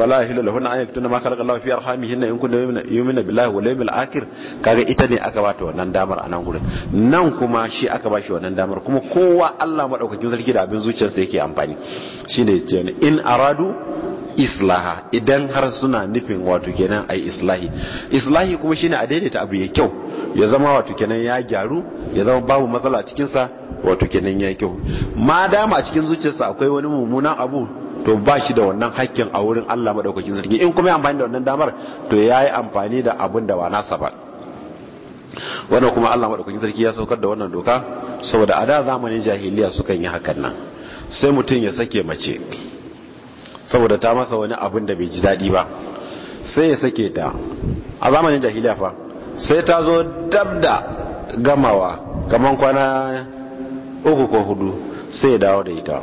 ولا يحل لهن ان يكتمن ما خلق الله في ارحامهن ان كن يؤمن بالله واليوم الاخر kaga ita ne aka bata wannan damar a nan gurin nan kuma shi aka bashi wannan damar kuma kowa Allah madaukakin sarki da abin sa yake amfani shine kenan in aradu islaha idan har suna nufin wato kenan ai islahi islahi kuma shine a daidaita abu ya kyau ya zama wato kenan ya gyaru ya zama babu matsala a cikinsa wato kenan ya kyau ma dama a cikin zuciyarsa akwai wani mummunan abu to ba shi da wannan hakkin a wurin Allah madaukakin sarki in kuma ya amfani da wannan damar to ya yi amfani da abin da ba nasa ba wannan kuma Allah madaukakin sarki ya saukar da wannan doka saboda a da zamanin jahiliya sukan yi hakan nan sai mutum ya sake mace saboda ta masa wani abin da bai ji daɗi ba sai ya sake ta a zamanin jahiliya fa sai ta zo dab da gamawa kamar kwana uku ko hudu sai ya dawo da ita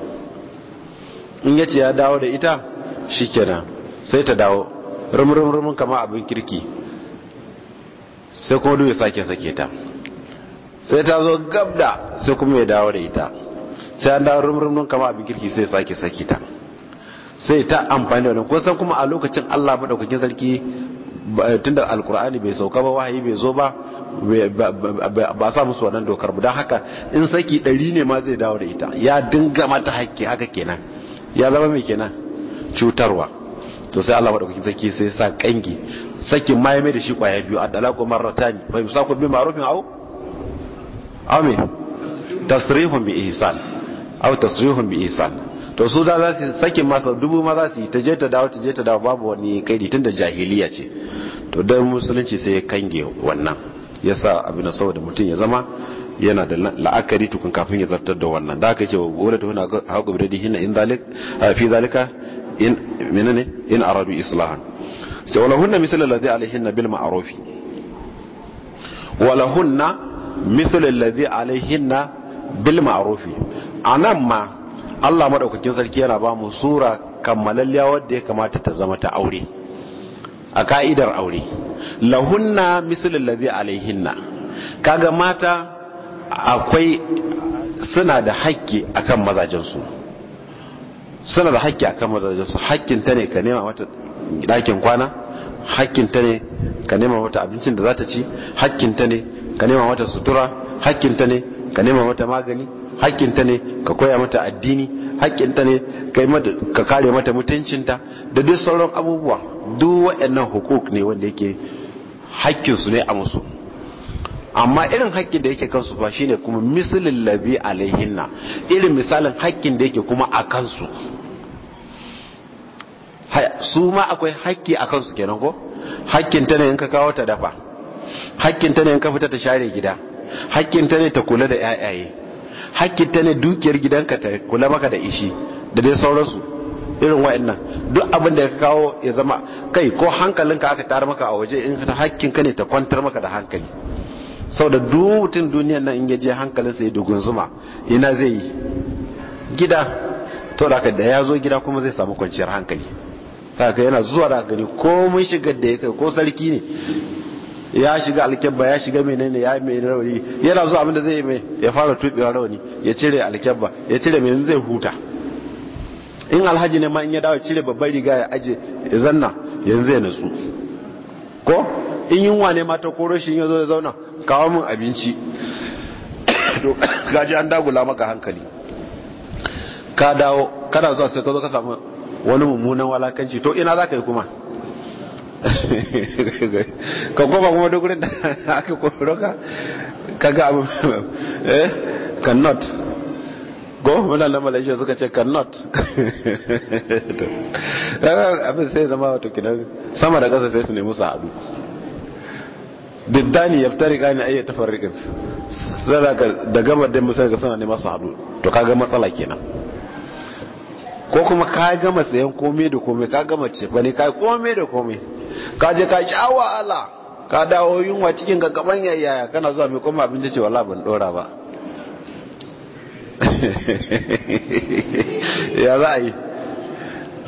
in ce ya dawo da ita shi kenan sai ta dawo rumrumrumun kama abin kirki sai kuma duk ya sake sake ta sai ta zo gabda sai kuma ya dawo da ita sai an dawo rumrumrumun kama abin kirki sai sake sake ta sai ta amfani da wani kusan kuma a lokacin Allah maɗaukakin sarki da alkur'ani bai sauka ba wahayi bai zo ba ba sa musu wannan dokar ba don haka in saki ɗari ne ma zai dawo da ita ya dinga mata haƙƙi haka kenan ya zama mai kenan cutarwa to sai Allah madaukakin sarki sai sa kangi sakin ma ya mai da shi kwaya biyu adalaku marratani fa yusaku bi ma'rufin au. aw tasrihun bi ihsan au tasrihun bi ihsan to su da za su sakin masa dubu ma za su yi ta je ta dawo ta je ta dawo babu wani kaidi tunda jahiliya ce to dan musulunci sai ya kange wannan yasa abin saboda mutum ya zama yana da la'akari tukun kafin ya zartar da wannan da aka ce wadda tafi wala tuhuna hagu bi radihi in zalika fi zalika in menene in aradu islahan sai wala hunna misal alladhi alaihinna bil ma'ruf wala hunna misal alladhi alaihinna bil ma'ruf anan ma Allah madaukakin sarki yana ba mu sura kammalalliya wadda ya kamata ta zama ta aure a ka'idar aure lahunna misalin lazi alaihinna kaga mata akwai suna da haƙƙi akan mazajensu suna da haƙƙi akan mazajensu haƙƙin ta ne ka nema mata ɗakin kwana haƙƙin ta ne ka nema mata abincin da za ta ci haƙƙin ta ne ka nema mata sutura haƙƙin ta ne ka nema mata magani haƙƙin ta ne ka koya mata addini haƙƙin ta ne ka kare mata mutuncinta da duk sauran abubuwa duk waɗannan hukuk ne wanda yake haƙƙinsu ne a musu amma irin haƙƙin da yake kansu ba shine kuma misalin labi alaihinna irin misalin haƙƙin da yake kuma a kansu su ma akwai haƙƙi a kansu kenan ko haƙƙin ta ne in ka kawo ta dafa haƙƙin ta ne in ka fita ta share gida haƙƙin ta ne ta kula da yayaye haƙƙin ta ne dukiyar gidanka ta kula maka da ishi da dai sauransu irin wa'annan duk abin da ya kawo ya zama kai ko hankalinka aka tar maka a waje in ta haƙƙin ka ne ta kwantar maka da hankali sau da mutum duniyan nan in ya je hankalinsa ya dogon zuma ina zai yi gida to da da ya zo gida kuma zai samu kwanciyar hankali haka yana zuwa da gani ko mun shigar da ya kai ko sarki ne ya shiga alkyabba ya shiga menene ya mai rauni yana zuwa abinda zai mai ya fara tubewa rauni ya cire alkyabba ya cire mai zai huta in alhaji ne ma in ya dawo cire babbar riga ya aje ya zanna yanzu ya nasu ko in yunwa ne mata koro shi ya zo zauna kawo mun abinci to gaji an dagula maka hankali ka dawo kana zuwa sai ka zo ka samu wani mummunan walakanci to ina za ka yi kuma ka koma kuma duk da aka koro ka ka ga abu eh not go muna na malaysia suka ce not eh, abin sai zama wato kidan sama da kasa sai su nemi sa'adu diddani ya fitari gani tafar tafarriƙin sadaka da gama da misali ga sanar ne masu haɗu to kaga matsala kenan ko kuma ka gama sayan komai da komai ka gama ne ka komai da komai ka je ka kyawa ala ka dawo yunwa cikin ka gaban yaya kana zuwa mai koma abin ce wala ban dora ba ya za a yi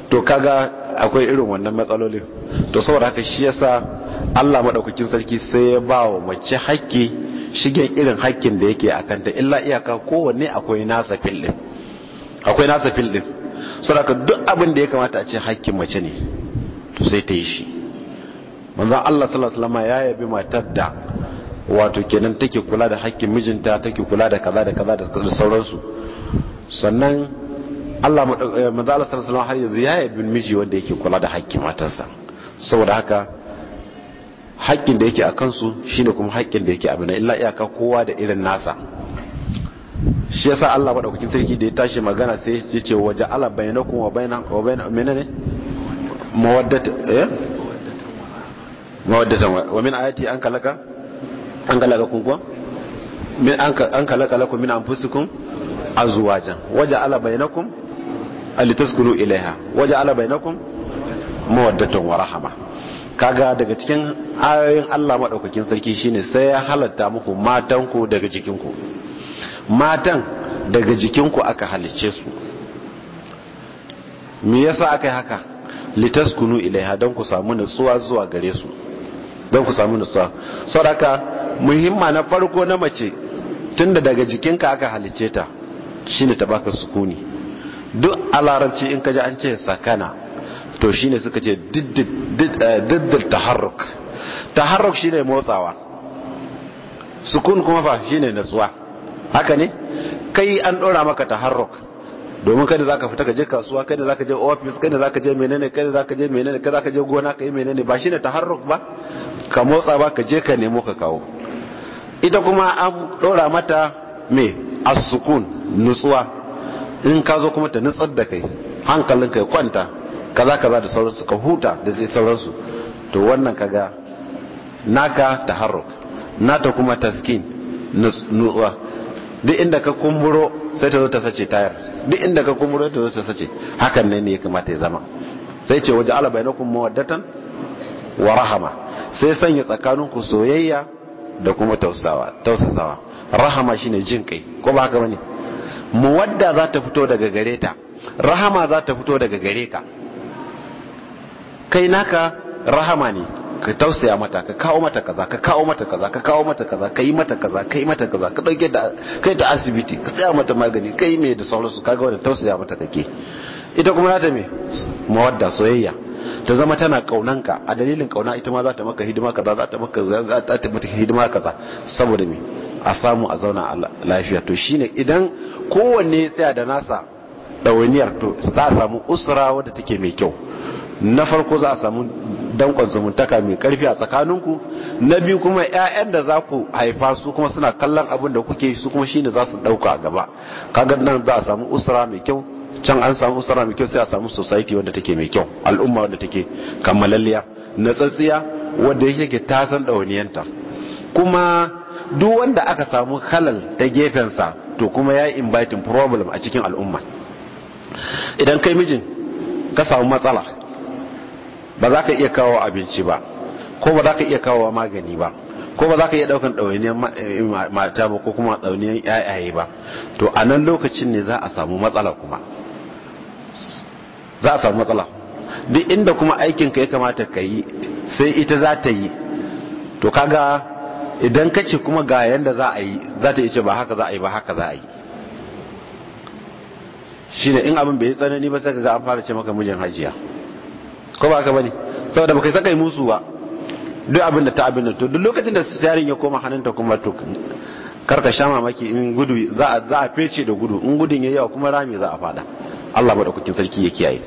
to kaga akwai irin wannan matsalolin to saboda haka shi yasa Allah madaukakin sarki sai ya ba wa mace haƙƙi shigen irin haƙƙin da yake a kanta illa iyaka kowanne akwai nasa fildin akwai nasa fildin saboda duk abin da ya kamata a ce haƙƙin mace ne to sai ta yi shi manzon Allah sallallahu alaihi wasallam ya yabi matar da wato kenan take kula da haƙƙin mijinta take kula da kaza da kaza da sauransu sannan Allah eh, manzo Allah har yanzu ya yabi miji wanda yake kula da haƙƙin matansa saboda haka haƙƙin da yake a kansu shi ne kuma haƙƙin da yake abin illa iyaka kowa da irin nasa shi yasa Allah madaukakin sarki da ya tashi magana sai ya ce waje ala bainakum wa bainan mene ne eh? mawaddatan wa min ayati an kalaka an kalaka kun kuwa min an kalaka lakum min anfusikum azwajan waje ala bainakum alitaskunu ilaiha waje ala bainakum mawaddatan wa rahama kaga daga cikin ayoyin Allah madaukakin sarki shine sai ya halatta muku matanku daga jikinku matan daga jikinku aka halice su me yasa aka yi haka litaskunu ilaiha don ku samu nutsuwa zuwa gare su don ku samu nutsuwa saboda muhimma na farko na mace tunda daga jikinka aka halicce ta shine ta baka sukuni duk a larabci in kaji an ce sakana to shine suka ce diddil eh, taharruk taharruk shine motsawa sukun kuma fa shine natsuwa haka ne kai an dora maka taharruk domin kai za zaka fita ka je kasuwa kai za zaka je office kai za zaka je menene kai za zaka je menene kai zaka je gona kai menene ba shine taharruk ba ka motsa ba ka je ka nemo ka kawo ita kuma an dora mata me as-sukun nutsuwa in ka zo kuma ta nutsar da kai hankalin kai kwanta kaza kaza da sauransu ka huta da sai sauransu to wannan kaga naka Na nata kuma taskin nutsuwa duk inda ka kumburo sai ta zo ta sace tayar duk inda ka kumburo ta zo ta sace hakan ne ne ya kamata ya zama sai ce waje ala bainakum mawaddatan wa rahama sai sanya tsakaninku soyayya da kuma tausasawa rahama shine jin kai ko ba haka bane muwadda za ta fito daga gare ta rahama za ta fito daga gare ka kai naka rahama ne ka tausaya mata ka kawo mata kaza ka kawo mata kaza ka kawo mata kaza ka yi mata kaza ka yi mata kaza ka dauke da kai ta asibiti ka tsaya mata magani kai me da sauransu kaga wanda tausaya mata kake ita kuma ta me muwadda soyayya ta zama tana kaunanka a dalilin kauna ita ma za ta maka hidima kaza za ta maka za ta maka hidima kaza saboda me a samu a zauna a lafiya to shine idan kowanne tsaya da nasa ɗawainiyar to za a samu usura wadda take mai kyau na farko za a samu dankon zumuntaka mai karfi a tsakaninku na biyu kuma 'ya'yan da za ku haifa su kuma suna kallon abin da kuke su kuma shine za su ɗauka gaba kaga nan za a samu usura mai kyau can an samu usura mai kyau sai a samu society wadda take mai kyau al'umma wadda take kammalalliya na tsatsiya wadda yake ta san ɗawainiyanta kuma duk wanda aka samu halal ta gefensa to kuma ya inviting problem a cikin al'umma idan kai mijin ka samu matsala ba za ka iya kawo abinci ba ko ba za ka iya kawo magani ba ko ba za ka iya daukan eh, mata ba ko kuma ɗawainiyar yayaye ba to a nan lokacin ne za a samu matsala kuma za a samu matsala duk inda kuma aikinka ya kamata ka yi sai ita za ta yi to kaga idan kace kuma ga yadda za a yi za ta ce ba haka za a yi ba haka za a yi shi ne in abin bai tsanani ba sai ka ga an fara ce maka mijin hajiya ko ba ka bane saboda baka saka sakai musu ba duk abin da ta abin da to duk lokacin da yarin ya koma hannunta kuma to karka sha mamaki in gudu za a fece da gudu in gudun yi yawa kuma rami za a fada Allah madaukakin sarki ya kiyaye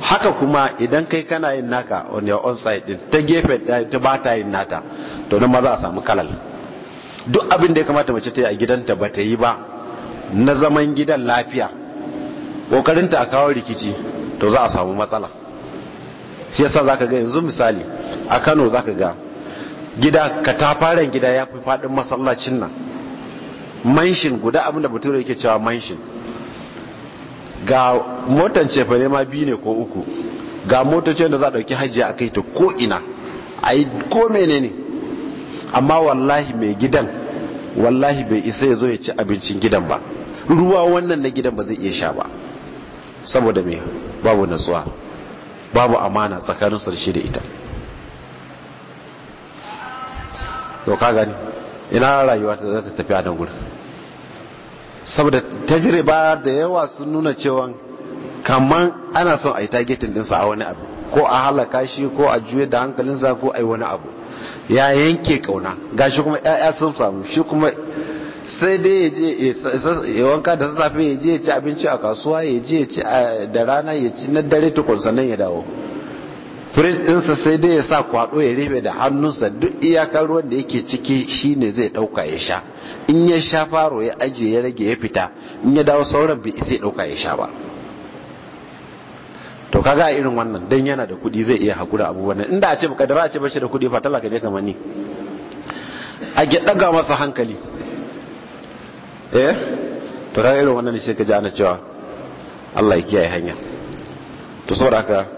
haka kuma idan kai kana yin naka on your own side ta gefe ta ba ta yin nata to nan ma za a samu kalal duk abin da ya kamata mace ta yi a gidanta ba ta yi ba na zaman gidan lafiya kokarinta a kawo rikici to za a samu matsala shi yasa ka ga yanzu misali a Kano za ka ga gida katafaren gida ya fi faɗin masallacin nan manshin guda abin da bature yake cewa manshin ga motan cefane ma biyu ne ko uku ga motocin da za a ɗauki hajji a kai ta ko ina a yi ko ne amma wallahi mai gidan wallahi bai isa ya zo ya ci abincin gidan ba ruwa wannan na gidan ba zai iya sha ba saboda mai babu natsuwa babu amana tsakanin sarshe da ita to ka gani ina rayuwa ta za ta tafi a nan gudun saboda tajriba da yawa sun nuna cewa kaman ana son a yi targetin dinsa a wani abu ko a halaka shi ko a juye da hankalinsa ko a yi wani abu ya yanke kauna gashi kuma ya'ya sun samu shi kuma sai dai ya je ya wanka da sassafe ya je ya ci abinci a kasuwa ya je ya ci da rana ya ci na dare tukun sannan ya dawo firist ɗinsa sai dai ya sa kwaɗo ya rufe da hannunsa duk iyakar ruwan da yake ciki shi ne zai ɗauka ya sha in ya sha faro ya ajiye ya rage ya fita in ya dawo sauran bai isa ɗauka ya sha ba to kaga irin wannan dan yana da kuɗi zai iya haƙura abubuwan nan inda a ce kadara a ce bashi da kuɗi fa ka je kamar ni a ge masa hankali eh to kaga irin wannan ne sai ka ji ana cewa Allah ya kiyaye hanya to saboda haka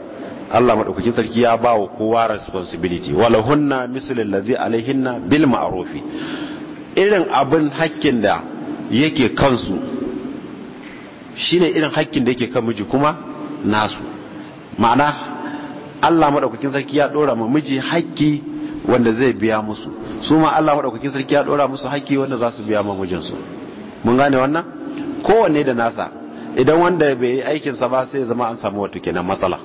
Allah madaukakin sarki ya ba wa kowa responsibility wala hunna mislu allazi alaihinna bil ma'rufi irin abin hakkin da yake kansu shine irin hakkin da yake kan miji kuma nasu ma'ana Allah madaukakin sarki ya dora ma miji hakki wanda zai biya musu su ma Allah madaukakin sarki ya dora musu hakki wanda za su biya ma mijinsu mun gane wannan kowanne da nasa idan wanda bai yi aikinsa ba sai zama an samu wata kenan matsala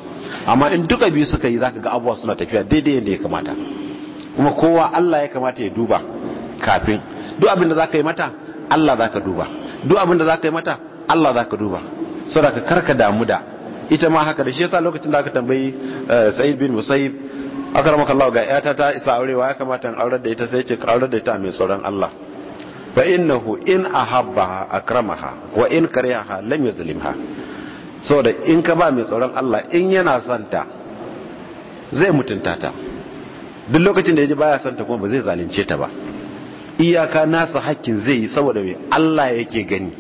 amma in duka biyu suka yi zaka ga abubuwa suna tafiya daidai yadda ya kamata kuma kowa Allah ya kamata ya duba kafin duk abin da zaka yi mata Allah zaka duba duk abin da zaka yi mata Allah zaka duba saboda ka karka damu da ita ma haka da shi yasa lokacin da aka tambayi eh, Sa'id bin Musayyib akramaka Allah ga yata ta isa aurewa ya kamata an aurar da ita sai ce aurar da ita mai tsoron Allah fa innahu in ahabbaha akramaha wa in karihaha lam yuzlimha saboda in ka ba mai tsoron Allah in yana santa zai mutunta ta duk lokacin da ya ji baya santa kuma ba zai zalunce ta ba iyaka nasa hakkin zai yi saboda mai Allah yake gani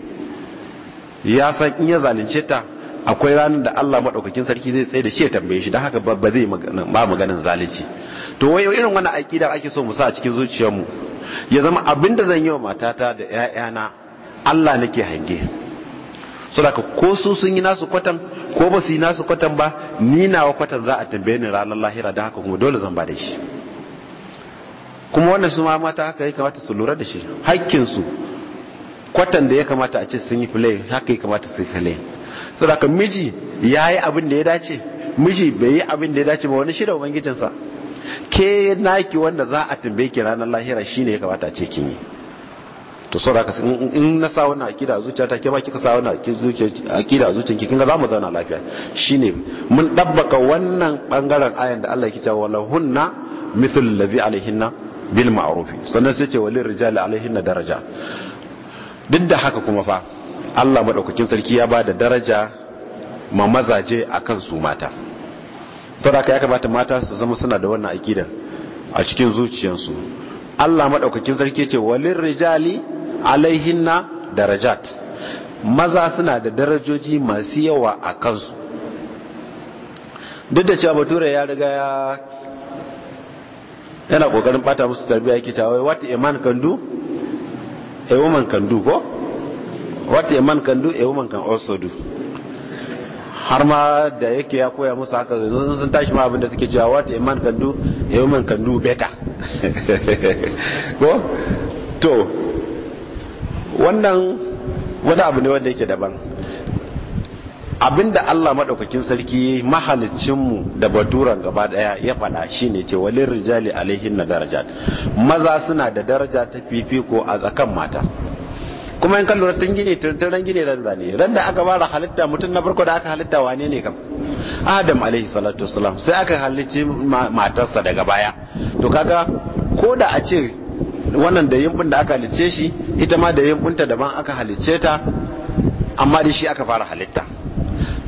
ya san in ya zalunce ta akwai ranar da Allah maɗaukakin sarki zai tsaye da shi ya tambaye shi don haka ba zai ba maganin zalunci to wai irin wani aƙida ake so mu sa a cikin zuciyarmu ya zama abin da zan yi wa matata da 'ya'yana Allah nake hange saboda ko su sun yi nasu kwatan ko ba su yi nasu kwatan ba ni nawa kwatan za a tambaye ni ranar lahira da haka kuma dole zan ba da shi kuma wannan su ma mata haka ya kamata su lura da shi hakkin su kwatan da ya kamata a ce sun yi fulai haka ya kamata su yi saboda miji ya yi abin da ya dace miji bai yi abin da ya dace ba wani shida ubangijinsa ke naki wanda za a tambaye ki ranar lahira shi ne ya kamata a ce kin yi to saboda haka in na sa wannan akida a zuciyata ke ba kika sa wannan akida a ga kinga zamu zauna lafiya shine mun dabbaka wannan bangaren ayan da Allah yake cewa walahunna mithul ladhi alaihinna bil ma'ruf sannan sai ce walil rijali alaihinna daraja duk da haka kuma fa Allah madaukakin sarki ya bada daraja ma mazaje akan su mata saboda haka ya kamata mata su zama suna da wannan akidan a cikin zuciyarsu Allah madaukakin sarki ce walil rijali alaihinna darajat maza suna da darajoji masu yawa a kansu duk da cewa bature ya riga ya yana kokarin bata musu tarbiyya yake cewa what a man can do a woman can do ko what a man can do a woman can also do har ma da yake ya koya musu haka zai sun tashi ma abinda suke cewa what a man can do a woman can do better ko to wannan wani abu ne wanda yake daban abinda Allah madaukakin sarki mahalicin mu da baturan gaba daya ya faɗa shine ce walin rijali alaihin na daraja maza suna da daraja ta fifiko a tsakan mata kuma in kallon lura tun gine tun gine ran zane ran da aka bara halitta mutum na farko da aka halitta wane ne kam adam alaihi salatu wasalam sai aka halicci matarsa daga baya to kaga ko da a ce wannan da yimbin da aka halice shi ita ma da yimbinta daban aka halice ta amma da shi aka fara halitta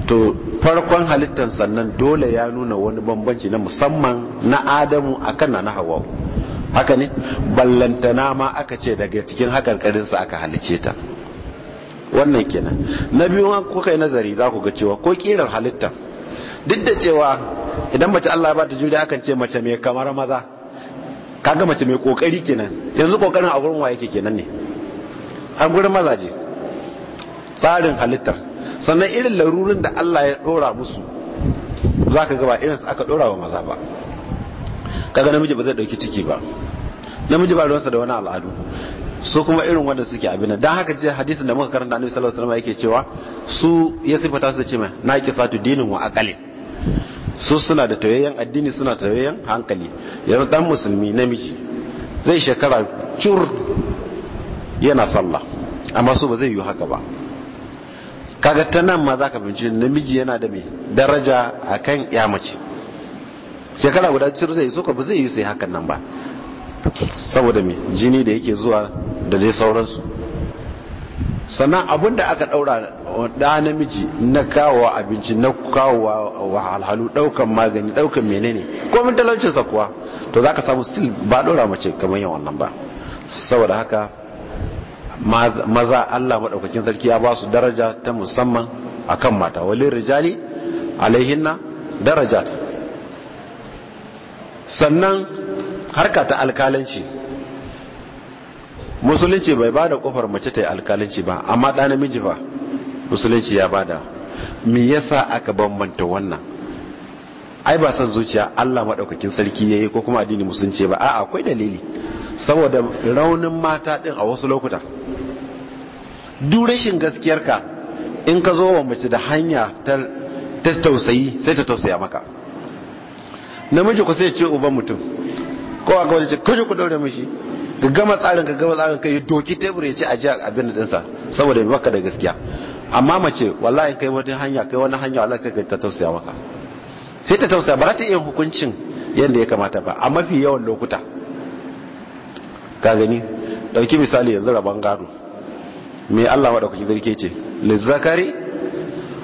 to farkon halittar sannan dole ya nuna wani bambanci na musamman na adamu akan na hawa haka ne ballantana ma aka ce daga cikin hakarkarinsa aka halice ta wannan kenan na biyu kuka yi nazari za ku ga cewa ko kirar halitta duk da cewa idan mace Allah ba ta juriya akan ce mace mai kamar maza kaga mace mai kokari kenan yanzu kokarin a gurin waye kenan ne a gurin mazaje tsarin halittar sannan irin larurin da Allah ya dora musu zaka ga ba irin su aka dora wa maza ba kaga namiji ba zai dauki ciki ba namiji ba sa da wani al'adu su kuma irin wanda suke abin nan dan haka ji hadisin da muka karanta annabi sallallahu alaihi wasallam yake cewa su ya sifata su ce mai naqisatu dinin wa aqali su suna da tawayen addini suna tawayen hankali yanzu dan musulmi namiji zai shekara cur yana sallah amma su ba zai yi haka ba kaga ta nan ma za ka binci namiji yana da mai daraja a kan yamaci shekara guda cur zai yi ba zai yi sai hakan nan ba saboda mai jini da yake zuwa da dai sauransu sannan abinda aka daura da namiji na kawo abinci na kawo wa halhalu daukan magani daukan menene ko mun talaucin sa kuwa to zaka samu still ba dora mace kamar yawan wannan ba saboda haka maza Allah madaukakin sarki ya ba su daraja ta musamman akan mata walil rijali alaihinna darajat sannan harka ta alkalanci musulunci bai ba da kofar mace ta yi alkalanci ba amma ɗa namiji ba musulunci ya bada me yasa aka bambanta wannan ai ba san zuciya Allah madaukakin sarki yayi ko kuma addini musulunci ba a'a akwai dalili saboda raunin mata din a wasu lokuta duk rashin gaskiyarka in ka zo wa mace da hanya ta tausayi sai ta tausaya maka namiji ku sai ce uban mutum ko a wani ce kaje ku daure mishi ka gama tsarin ka gama tsarin ka yi doki tebur ya ce a abin da dinsa saboda baka da gaskiya amma mace wallahi kai wani hanya kai wani hanya wallahi kai ta tausaya maka sai ta tausaya ba za ta iya hukuncin yadda ya kamata ba a mafi yawan lokuta ka gani dauki misali yanzu rabon gado me Allah wa dauki zarke ce lizzakari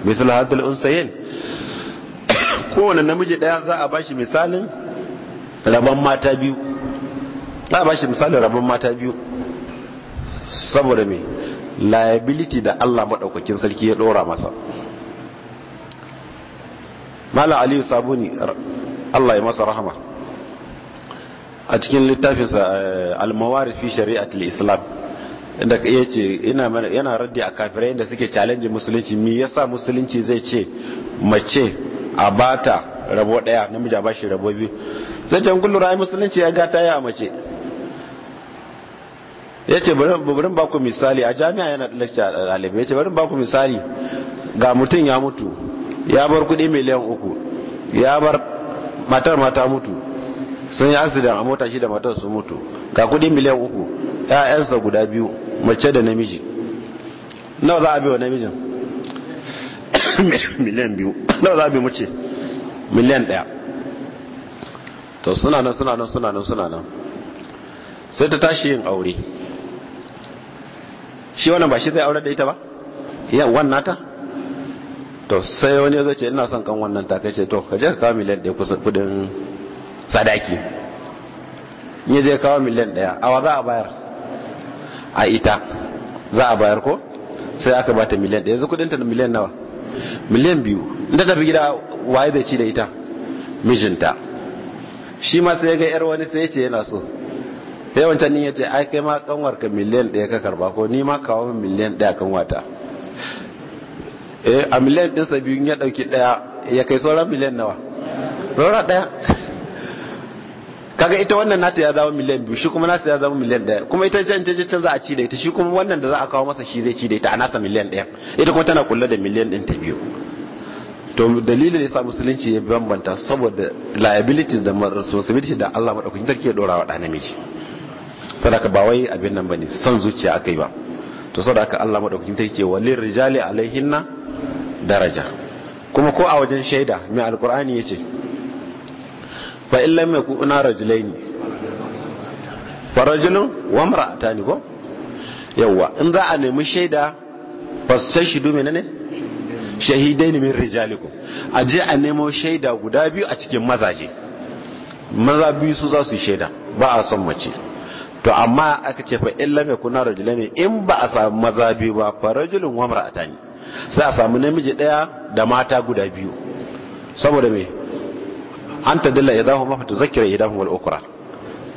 misal hadal unsayin kowane namiji daya za a bashi misalin rabon mata biyu za a bashi misalin rabon mata biyu saboda me liability da Allah maɗaukakin sarki ya ɗora masa mala aliyu sabuni Allah ya masa rahama a cikin littafinsa eh, almawari fi shari'at islam inda ya ce yana raddi a kafirai da suke challenge musulunci mi yasa musulunci zai ce mace a bata rabo daya namiji a bashi rabo biyu zai can kullum ra'ayi musulunci ya gata ya mace ya ce bari ba ku misali a jami'a yana lakci a dalibai ya ce bari ba ku misali ga mutum ya mutu ya bar kuɗi miliyan uku ya bar matar mata mutu sun yi asidan a mota shi da matar su mutu ga kuɗi miliyan uku ‘ya'yansa guda biyu mace da namiji nawa za a biyo namijin miliyan biyu nawa za a biyo mace miliyan ɗaya to suna nan suna nan suna nan suna nan sai ta tashi yin aure shi wannan ba shi zai aure da ita ba ya wannan ta to sai wani ya zo ce ina son kan wannan ta kai ce to ka je ka kawo miliyan ɗaya kusa kudin sadaki in ya je kawo miliyan ɗaya awa za a bayar a ita za a bayar ko sai aka bata miliyan ɗaya yanzu kudin ta miliyan nawa miliyan biyu in ta tafi gida waye zai ci da ita mijinta shi ma sai ya ga yar wani sai ya ce yana so sai wancan ya ce ai kai ma kanwar ka miliyan ɗaya ka karba ko ni ma kawo min miliyan ɗaya wata eh a miliyan sa biyu ya ɗauki ɗaya ya kai sauran miliyan nawa sauran ɗaya kaga ita wannan nata ya zama miliyan biyu shi kuma nasa ya zama miliyan ɗaya kuma ita can can can za a ci da ita shi kuma wannan da za a kawo masa shi zai ci da ita a nasa miliyan ɗaya ita kuma tana kulla da miliyan ɗin ta biyu to dalilin yasa musulunci ya bambanta saboda liabilities da responsibility da Allah madaukakin sarki ya dora wa ɗan namiji sadaka ba wai abin nan bane son zuciya akai ba to sadaka Allah madaukakin ta yake walil rijali alaihinna daraja kuma ko a wajen shaida mai alqur'ani yace fa in lam yakuna rajulaini fa rajulun wa imra'atani ko yawa in za a nemi shaida fastashidu menene shahidaini min rijalikum aje a nemo shaida guda biyu a cikin mazaje maza biyu su za su shaida ba a son mace to amma aka ce fa in kuna rajula ne in ba a samu maza biyu ba fa rajulun wa ne sai a samu namiji daya da mata guda biyu saboda me an tadalla idahu ma fatuzakira idahu wal ukra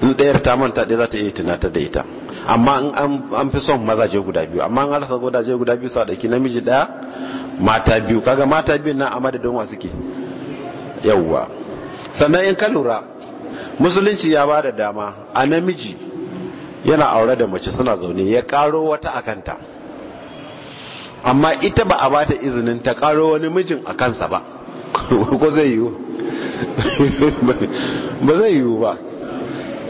in dayar ta manta dai za ta iya tunata da ita amma an fi son mazaje guda biyu amma an rasa gudaje guda biyu sa ki namiji daya mata biyu kaga mata biyu na a madadin wa suke yawwa sannan in ka lura musulunci ya ba da dama a namiji yana aure da mace suna zaune ya karo wata a kanta amma ita ba a bata izinin ta karo wani mijin a kansa ba ko zai yiwu ba zai yiwu ba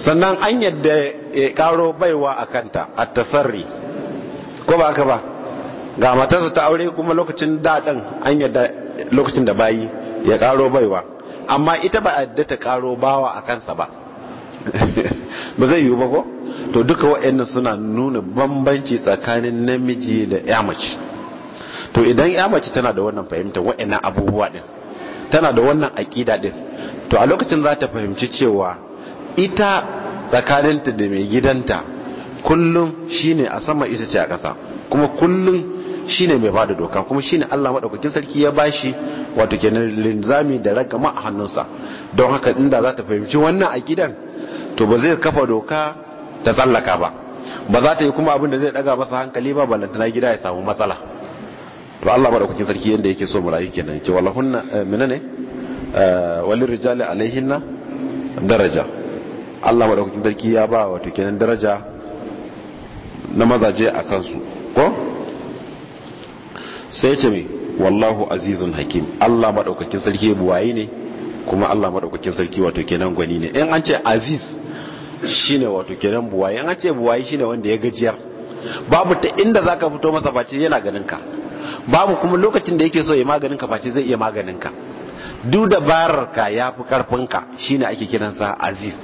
sannan an yadda ya karo baiwa a kanta a tasarri ko ba ka ba ga matarsa ta aure kuma lokacin daɗin an yadda lokacin da bayi ya karo baiwa amma ita ba a yadda ta karo bawa a kansa ba ba zai yiwu ba ko to duka wa'annan suna nuna bambanci tsakanin namiji da ya mace to idan ya mace tana da wannan fahimta wa'annan abubuwa din tana da wannan aƙida din to a lokacin za ta fahimci cewa ita tsakaninta da mai gidanta kullum shine a sama ita ce a ƙasa kuma kullum shine mai bada doka kuma shine Allah madaukakin sarki ya bashi wato kenan linzami da ragama a hannunsa don haka inda za ta fahimci wannan aqidan to ba zai kafa doka ta tsallaka ba ba za ta yi kuma abin da zai daga masa hankali ba ballantana gida ya samu matsala to Allah ba da kukin sarki yadda yake so ke nan kenan ce wallahunna eh, ne eh, walil rijali alaihinna daraja Allah ba da kukin sarki ya ba wato kenan daraja na mazaje a kansu ko sai ce mai wallahu azizun hakim Allah maɗaukakin sarki buwaye ne kuma Allah maɗaukakin sarki wato kenan gwani ne in an ce aziz shine wato kenan buwaye an ce buwayi shine wanda ya gajiyar babu ta inda zaka fito masa face yana ganin ka babu kuma lokacin da yake so ya maganin ka face zai iya maganin ka duk barka ya fi karfin ka shine ake kiran sa aziz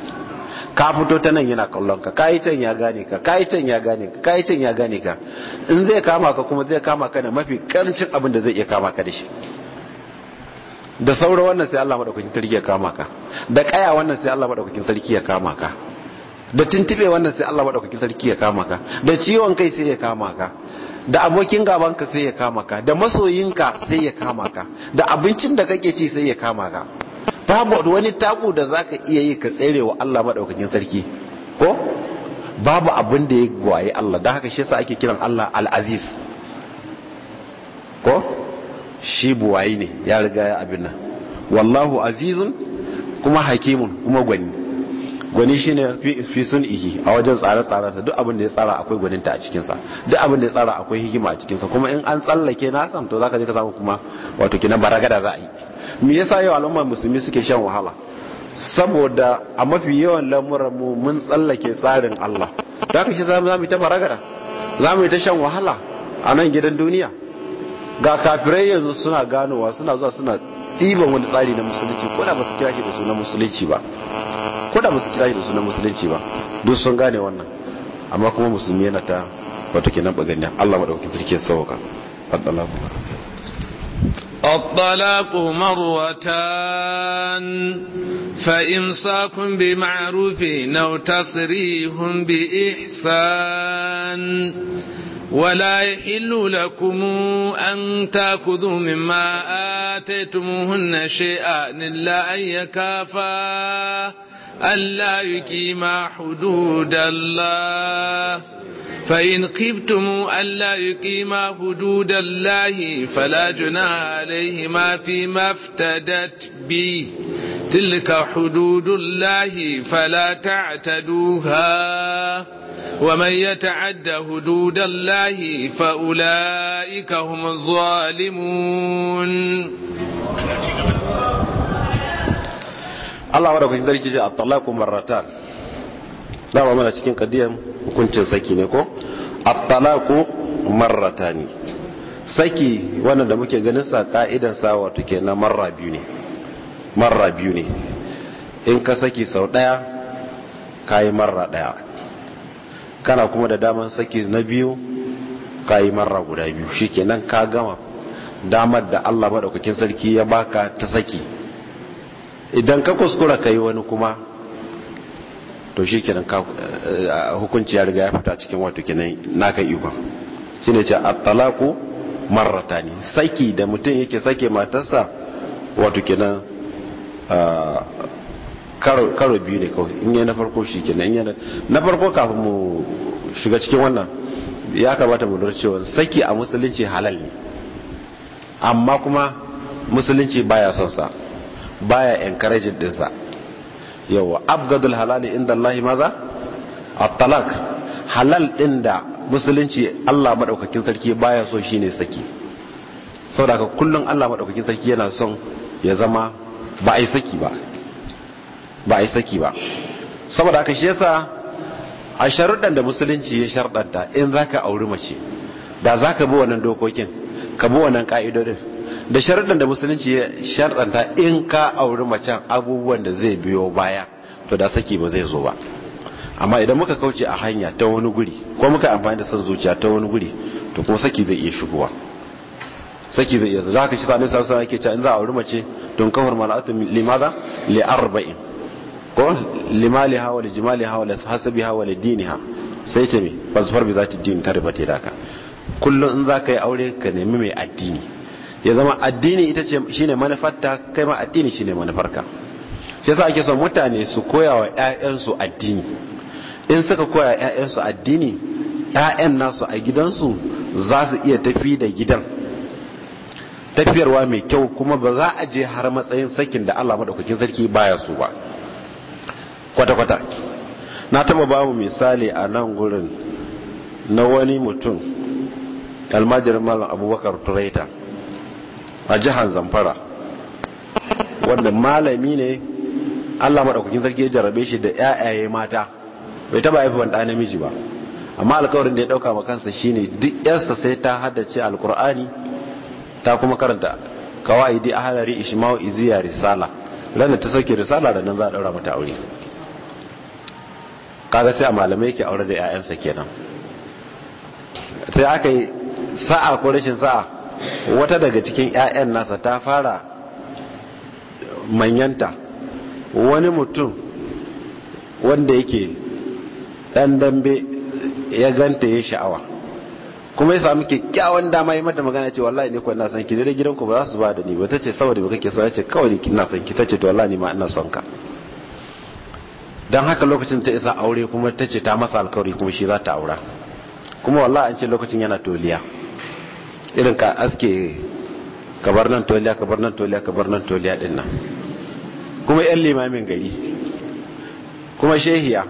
ka fito ta nan yana kallon ka kayi can ya gane ka kayi can ya gane ka kayi can ya gane ka in zai kama ka kuma zai kama ka da mafi karancin abin da zai iya kama ka da shi da saura wannan sai Allah madaukakin sarki ya kama ka da kaya wannan sai Allah madaukakin sarki ya kama ka da tuntube wannan sai Allah madaukakin sarki ya kama ka da ciwon kai sai ya kama ka da abokin gabanka sai ya kama ka da masoyinka sai ya kama ka da abincin da kake ci sai ya kama ka babu wani taku da za ka iya yi ka tsere wa Allah madaukakin sarki ko babu abin da ya gwaye Allah da haka shi yasa ake kiran Allah al-Aziz ko shi buwayi ne ya riga ya abin nan wallahu azizun kuma hakimun kuma gwani gwani shine fi sun ihi a wajen tsare-tsarensa duk abin da ya tsara akwai gwaninta a cikinsa duk abin da ya tsara akwai hikima a cikinsa kuma in an tsallake na san to zaka je ka samu kuma wato kinan baragada za a yi me yasa yau al'ummar musulmi suke shan wahala saboda a mafi yawan lamuran mu mun tsallake tsarin Allah da haka shi za mu ta baragada za ta shan wahala a nan gidan duniya ga kafirai yanzu suna ganowa suna zuwa suna ɗiban wani tsari na musulunci ko da ba su kira shi da sunan musulunci ba ko da ba su kira shi da sunan musulunci ba duk sun gane wannan amma kuma musulmi yana ta wato kenan baganya Allah madaukakin sarki ya sauka Allahu الطلاق مرتان فإمساك بمعروف أو تسريح بإحسان ولا يحل لكم أن تأخذوا مما آتيتموهن شيئا إلا أن يكافا ألا يقيما حدود الله فإن خفتم ألا يقيما حدود الله فلا جناح عليهما فيما افتدت به تلك حدود الله فلا تعتدوها ومن يتعد حدود الله فأولئك هم الظالمون Allah wadda kun zarki ce at-talaqu marratan dama muna cikin kadiyan hukuncin saki ne ko at-talaqu marratani saki wannan da muke ganin sa ka'idan sa wato na marra biyu ne marra biyu ne in ka saki sau daya yi marra daya kana kuma da damar saki na biyu ka yi marra guda biyu shikenan ka gama damar da Allah maɗaukakin sarki ya baka ta saki idan ka kuskura ka yi wani kuma to shikenan eh, hukunci ya riga ya fita cikin wato kenan naka ikon shine ce talaku marrata ne saki da mutum yake sake matarsa wato kenan ah, karo biyu ne kawai in yi na farko shi ke na farko kafin mu shiga cikin wannan ya kamata mu lura cewa saki a musulunci halal ne amma kuma musulunci baya son sa baya encouraging din sa yawa abgadul halali inda Allah maza at-talaq halal din da musulunci Allah madaukakin sarki baya so shine saki saboda kullun Allah madaukakin sarki yana son ya zama ba ai saki ba ba a yi saki ba saboda aka shi yasa a sharuɗan da musulunci ya sharɗanta in za ka auri mace da za ka bi wannan dokokin ka bi wannan ƙa'idodin da sharuɗan da musulunci ya sharɗanta in ka auri macen abubuwan da zai biyo baya to da saki ba zai zo ba amma idan muka kauce a hanya ta wani guri ko muka amfani da son zuciya ta wani guri to ko saki zai iya shigowa saki zai iya zuwa haka shi sa ne sa ake cewa in za a auri mace don kafar mala'atu limaza li arba'in ko limali hawa da jimali hawa da hasabi hawa da dini ha sai ce mi fasfar bi za ta dini ta ribata da ka kullum in za ka yi aure ka nemi mai addini ya zama addini ita ce shine manufarta kai ma addini shine manufarka shi yasa ake son mutane su koya wa 'ya'yansu addini in suka koya 'ya'yansu addini 'ya'yan nasu a gidansu za su iya tafi da gidan tafiyarwa mai kyau kuma ba za a je har matsayin sakin da Allah madaukakin sarki baya su ba kwata-kwata na taba ba mu misali a nan gurin na wani mutum almajirin malam abubakar turaita a jihar zamfara wanda malami ne allah maɗaukakin sarki ya jarabe shi da 'ya'yaye mata bai taba haifi wanda namiji ba amma alkawarin da ya ɗauka ma kansa shine duk 'yarsa sai ta haddace alkur'ani ta kuma karanta kawai a ahalari ishmael iziya risala ranar ta sauke risala da nan za a ɗaura mata aure kaga sai a malamai yake aure da 'ya'yansa kenan sai aka yi sa'a ko rashin sa'a wata daga cikin 'ya'yan nasa ta fara manyanta wani mutum wanda yake dan dambe ya ganta ya sha'awa kuma ya samu kyakkyawan dama yi mata magana ce wallahi ne kuwa ina son ki gidan gidanku ba za su ba da ni ba ce saboda ba kake ya ce kawai ina son ki ce to wallahi ma ina son ka don haka lokacin ta isa aure kuma ta ce ta masa alkawari kuma shi za ta aura kuma wallah an ce lokacin yana toliya irin ka aske kabar nan toliya kabar nan toliya kabar nan toliya din nan kuma yan limamin gari kuma shehiya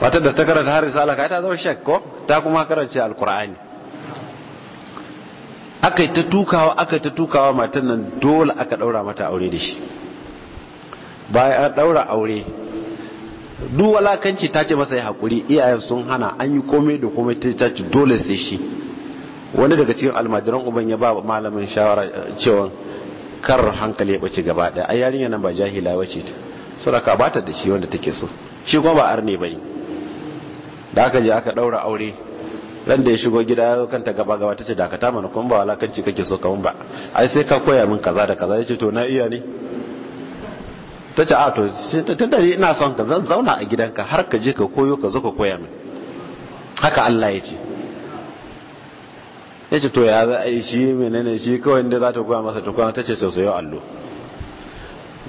wata da ta karanta har risala ta zama shek ko ta kuma karanta alkur'ani aka yi ta tukawa akai ta tukawa matan nan dole aka daura mata aure da shi bayan an daura aure duk walakanci ta ce masa ya hakuri iyayen sun hana an yi komai da komai ta ci dole sai shi wani daga cikin almajiran uban ya ba malamin shawara eh, cewa kar hankali ya bace gaba daya a yarinya nan ba jahila wace ta ka ba ta da shi wanda take so shi kuma ba arne bane da aka je aka daura aure ran da ya shigo gida ya kanta gaba gaba ce dakata mana kuma ba walakanci kake so kawun ba ai sai ka koya min kaza da kaza yace to na iya ne ta ce a to tun da ina son ka zan zauna a gidanka har ka je ka koyo ka zo ka koya min haka Allah ya ce ya ce to ya za a yi shi menene shi kawai inda za ta koya masa ta koya ta ce sosai allo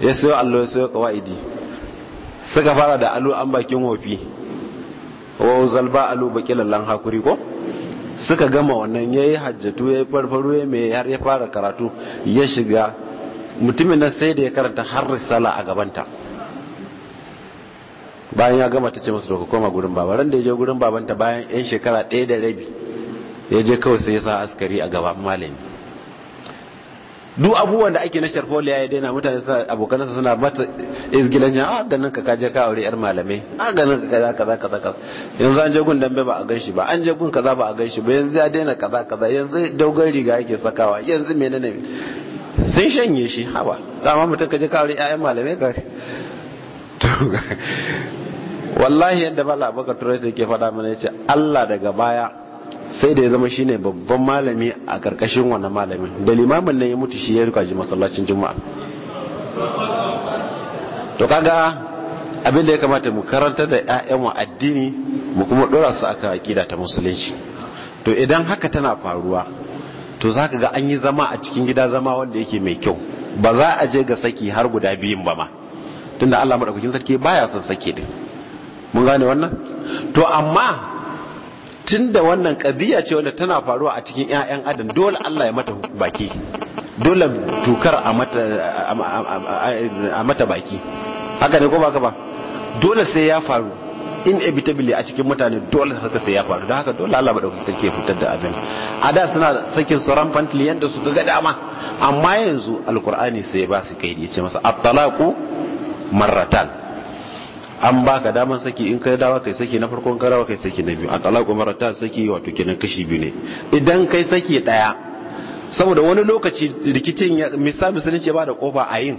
ya sayo allo ya sayo kawa'idi suka fara da allo an bakin wofi wa zalba allo baki lallan hakuri ko suka gama wannan ya yi hajjatu ya yi farfaro ya mai har ya fara karatu ya shiga mutumin nan sai da ya karanta har risala a gabanta bayan ya gama ta ce masu doka koma gurin baba ran da ya je gurin babanta bayan yan shekara ɗaya da rabi ya je kawai sai ya sa askari a gaban malami duk abubuwan da ake na sharfoliya ya daina mutane sa abokanansa suna mata izgilanci a ah, ganin ka kaje ka aure yar malamai a ah, ganin ka kaza kaza kaza kaza yanzu an je gun dambe ba a gan shi ba an je gun kaza ba a gan shi ba yanzu ya daina kaza kaza yanzu dogon riga yake sakawa yanzu menene sun shanye shi haba dama mutum ka kawai yayan ƴaƴan malamai ka wallahi yadda ba abubakar turai da ke faɗa mana ya ce allah daga baya sai da ya zama shine babban malami a ƙarƙashin wannan malamin da limamin na ya mutu shi ya rika ji masallacin juma'a to kaga abinda ya kamata mu karanta da 'ya'yanmu addini mu kuma dora su aka akida ta musulunci to idan haka tana faruwa to za ka ga an yi zama a cikin gida zama wanda yake mai kyau ba za a je ga saki har guda biyun ba ma tunda Allah madaukakin sarki baya son saki din mun gane wannan to amma tun da wannan ƙabiya ce wanda tana faruwa a cikin ƴaƴan adam dole Allah ya mata baki dole dokar a mata a mata baki haka ne ko ba ka ba dole sai ya faru inevitably a cikin mutane dole haka sai ya faru don haka dole Allah da sarki ya fitar da abin a da suna sakin su rampantly yanda suka ga dama amma yanzu alkur'ani sai ya ba su kai ya ce masa at-talaqu marratan an ba ka daman saki in kai dawa kai saki na farkon karawa kai saki na biyu at-talaqu marratan saki wato kenan kashi biyu ne idan kai saki daya saboda wani lokaci rikicin misali ce ba da kofa a yin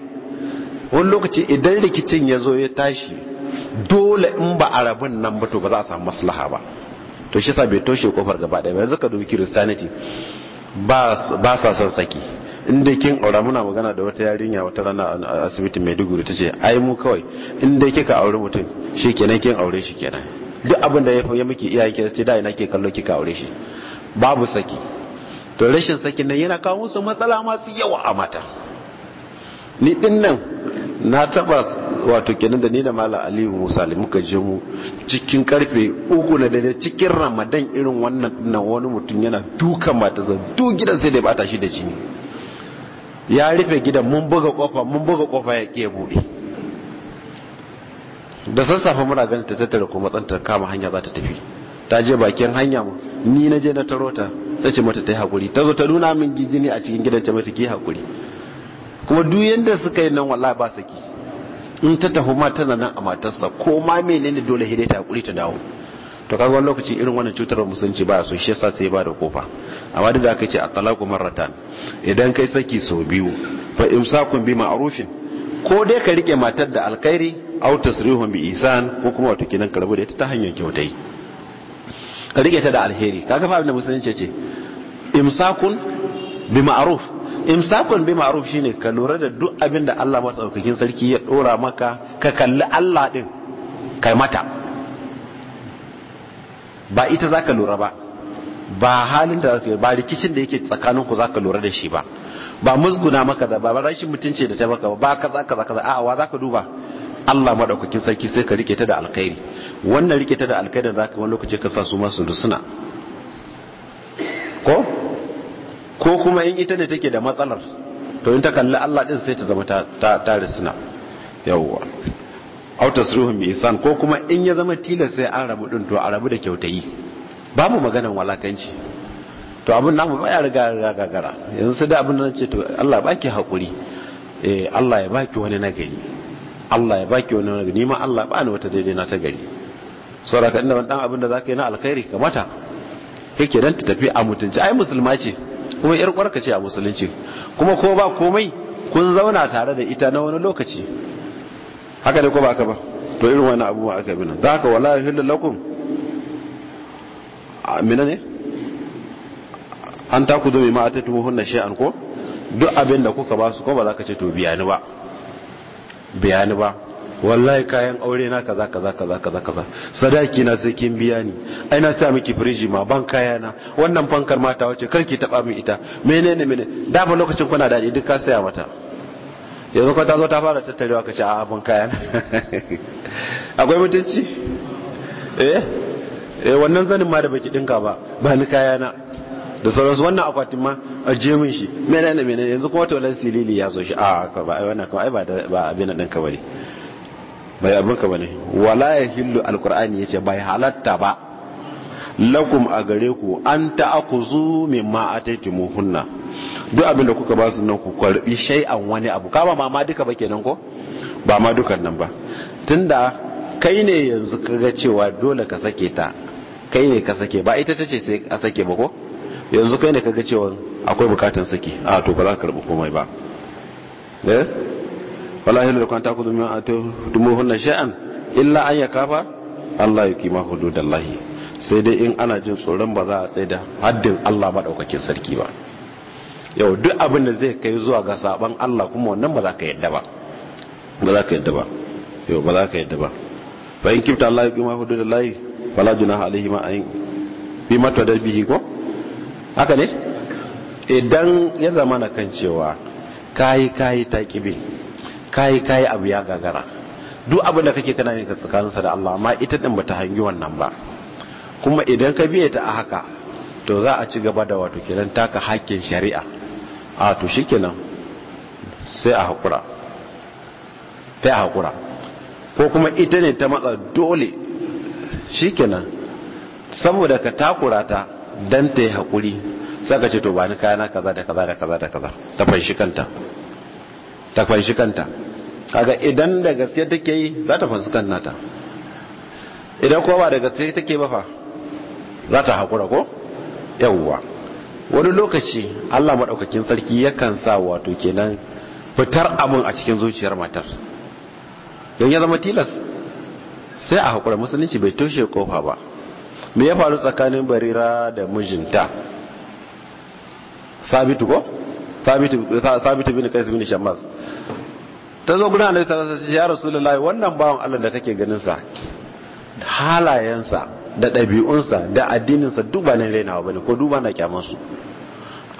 wani lokaci idan rikicin ya zo ya tashi dole in ba a rabin nan ba to ba za a samu maslaha ba to shi sa bai toshe kofar gaba daya yanzu ka dubi kiristaniti ba sa son saki inda kin aura muna magana da wata yarinya wata rana a mai maiduguri ta ce ai mu kawai inda kika aure mutum shi kenan kin aure shi kenan duk abin da ya miki iyayenki ki ce da ina ke kallo kika aure shi babu saki to rashin sakin nan yana kawo musu matsala masu yawa a mata ni din nan na taba wato kenan da ni da malam aliyu musa muka je mu cikin karfe uku na dare cikin ramadan irin wannan na wani mutum yana duka za duk gidan sai da ba ta shi da jini ya rufe gidan mun buga kofa mun buga kofa ya ke bude da sassafe muna ganin ta tattara ko matsantar kama hanya za ta tafi ta je bakin hanya mu ni na je na taro ta ta ce mata ta yi hakuri ta zo ta nuna min jini a cikin gidan ta mata ki hakuri kuma duk yadda suka yi nan wallahi ba saki in ta tafi mata na nan a matarsa ko ma menene dole hidai ta hakuri ta dawo to kaga wani lokaci irin wannan cutar musulunci ba so shi yasa sai ba da kofa amma duk da aka ce at-talaqu marratan idan kai saki sau biyu fa imsakun bi ma'rufin ko dai ka rike matar da alkhairi aw tasrihun bi ihsan ko kuma wato kinan ka da ta hanyar kyautai ka rike ta da alheri kaga fa abin da musulunci ce imsakun bi ma'ruf imsakun bi ma'ruf shine ka lura da duk abin da Allah matsaukakin sarki ya dora maka ka kalli Allah din kai mata ba ita zaka lura ba ba halin da zaka ba rikicin da yake tsakanin ku zaka lura da shi ba ba musguna maka da ba rashin mutunci da ta maka ba kaza kaza kaza a wa zaka duba Allah madaukakin sarki sai ka rike ta da alkhairi wannan rike ta da alkhairi zaka wani lokaci ka sa su masu dusuna ko ko kuma in ita ne take da matsalar to in ta kalli Allah din sai ta zama ta risina yawwa aw tasruhum mai isan, ko kuma in ya zama tilas sai an rabu din to a rabu da kyautayi babu maganan walakanci to abin namu ba ya riga gagara yanzu sai da abin nan ce to Allah ba ki hakuri eh Allah ya baki wani nagari Allah ya baki wani nagari ma Allah ba ni wata daidai na ta gari saboda kan dan abin da zaka yi na alkhairi kamata kake dan ta tafi a mutunci ai musulma ce kuma yar kwarka ce a musulunci kuma ko ba komai kun zauna tare da ita na wani lokaci haka ne ko ba ka ba to irin wani abubuwa aka bi nan da haka wala yuhillu lakum amina ne an ta ku zobe ma a tattubu hunna shay'an ko duk abin da kuka ba su ko ba za ka ce to ni ba ni ba wallahi kayan aure na kaza kaza kaza kaza kaza sadaki na sai kin biya ni ai na sa miki firiji ma ban kaya na wannan fankar mata wace karki taba min ita menene mene da ba lokacin kuna dadi duk ka saya mata yanzu ko ta zo ta fara tattarewa kace a ban kaya na akwai mutunci eh eh wannan zanin ma da baki dinka ba ba ni kaya na da sauransu wannan akwatin ma a jemin shi menene menene yanzu kuma to lan silili ya zo shi a ba ai wannan kuma ai ba ba abin nan ka bari. bai abinka bane wala yahillu alqur'ani yace bai halatta ba lakum a gare ku an ta'akuzu mimma ataytumuhunna duk abinda kuka ba su nan ku karbi shay'an wani abu kama ba ma duka ba kenan ko ba ma dukan nan ba tunda kai ne yanzu kaga cewa dole ka sake ta kai ne ka sake ba ita tace sai a sake ba ko yanzu kai ne kaga cewa akwai bukatun sake a to ba za ka karbi komai ba eh wala yahillu lakum an ta'khudhu mimma hunna sha'an illa an yakafa Allah yuqima hududallahi sai dai in ana jin tsoron ba za a da haddin Allah madaukakin sarki ba yau duk abin da zai kai zuwa ga saban Allah kuma wannan ba za ka yadda ba ba za ka yadda ba yau ba za ka yadda ba fa in kibta Allah yuqima hududallahi wala junaha alaihi ma ayin bi mata da bihi ko haka ne idan ya zama na kan cewa kayi kayi kibin. kayi kayi abu ya gagara duk abin da kake kana yin tsakaninsa da Allah amma ita din bata hangi wannan ba kuma idan ka biye ta a haka to za a ci gaba da wato kiran taka hakkin shari'a a to shikenan sai a hakura sai a hakura ko kuma ita ne ta matsa dole shikenan saboda ka takura ta dan ta yi hakuri saka ce to ba ni kaza da kaza da kaza da kaza ta fanshi kanta ta kwanshi kanta kaga idan da gaske take yi za ta fansu kan nata idan kowa ba da gaske take ba fa za ta haƙura ko yawwa wani lokaci allah maɗaukakin sarki yakan sa wato kenan fitar abin a cikin zuciyar matar don ya zama tilas sai a haƙura musulunci bai toshe kofa ba me ya faru tsakanin barira da mijinta sabitu ko sabitu bin kais bin shammas ta zo guda na sallallahu alaihi wasallam ya rasulullahi wannan bawan Allah da kake ganin sa halayensa da ɗabi'unsa da addininsa duba na ba bane ko duba na kyamansu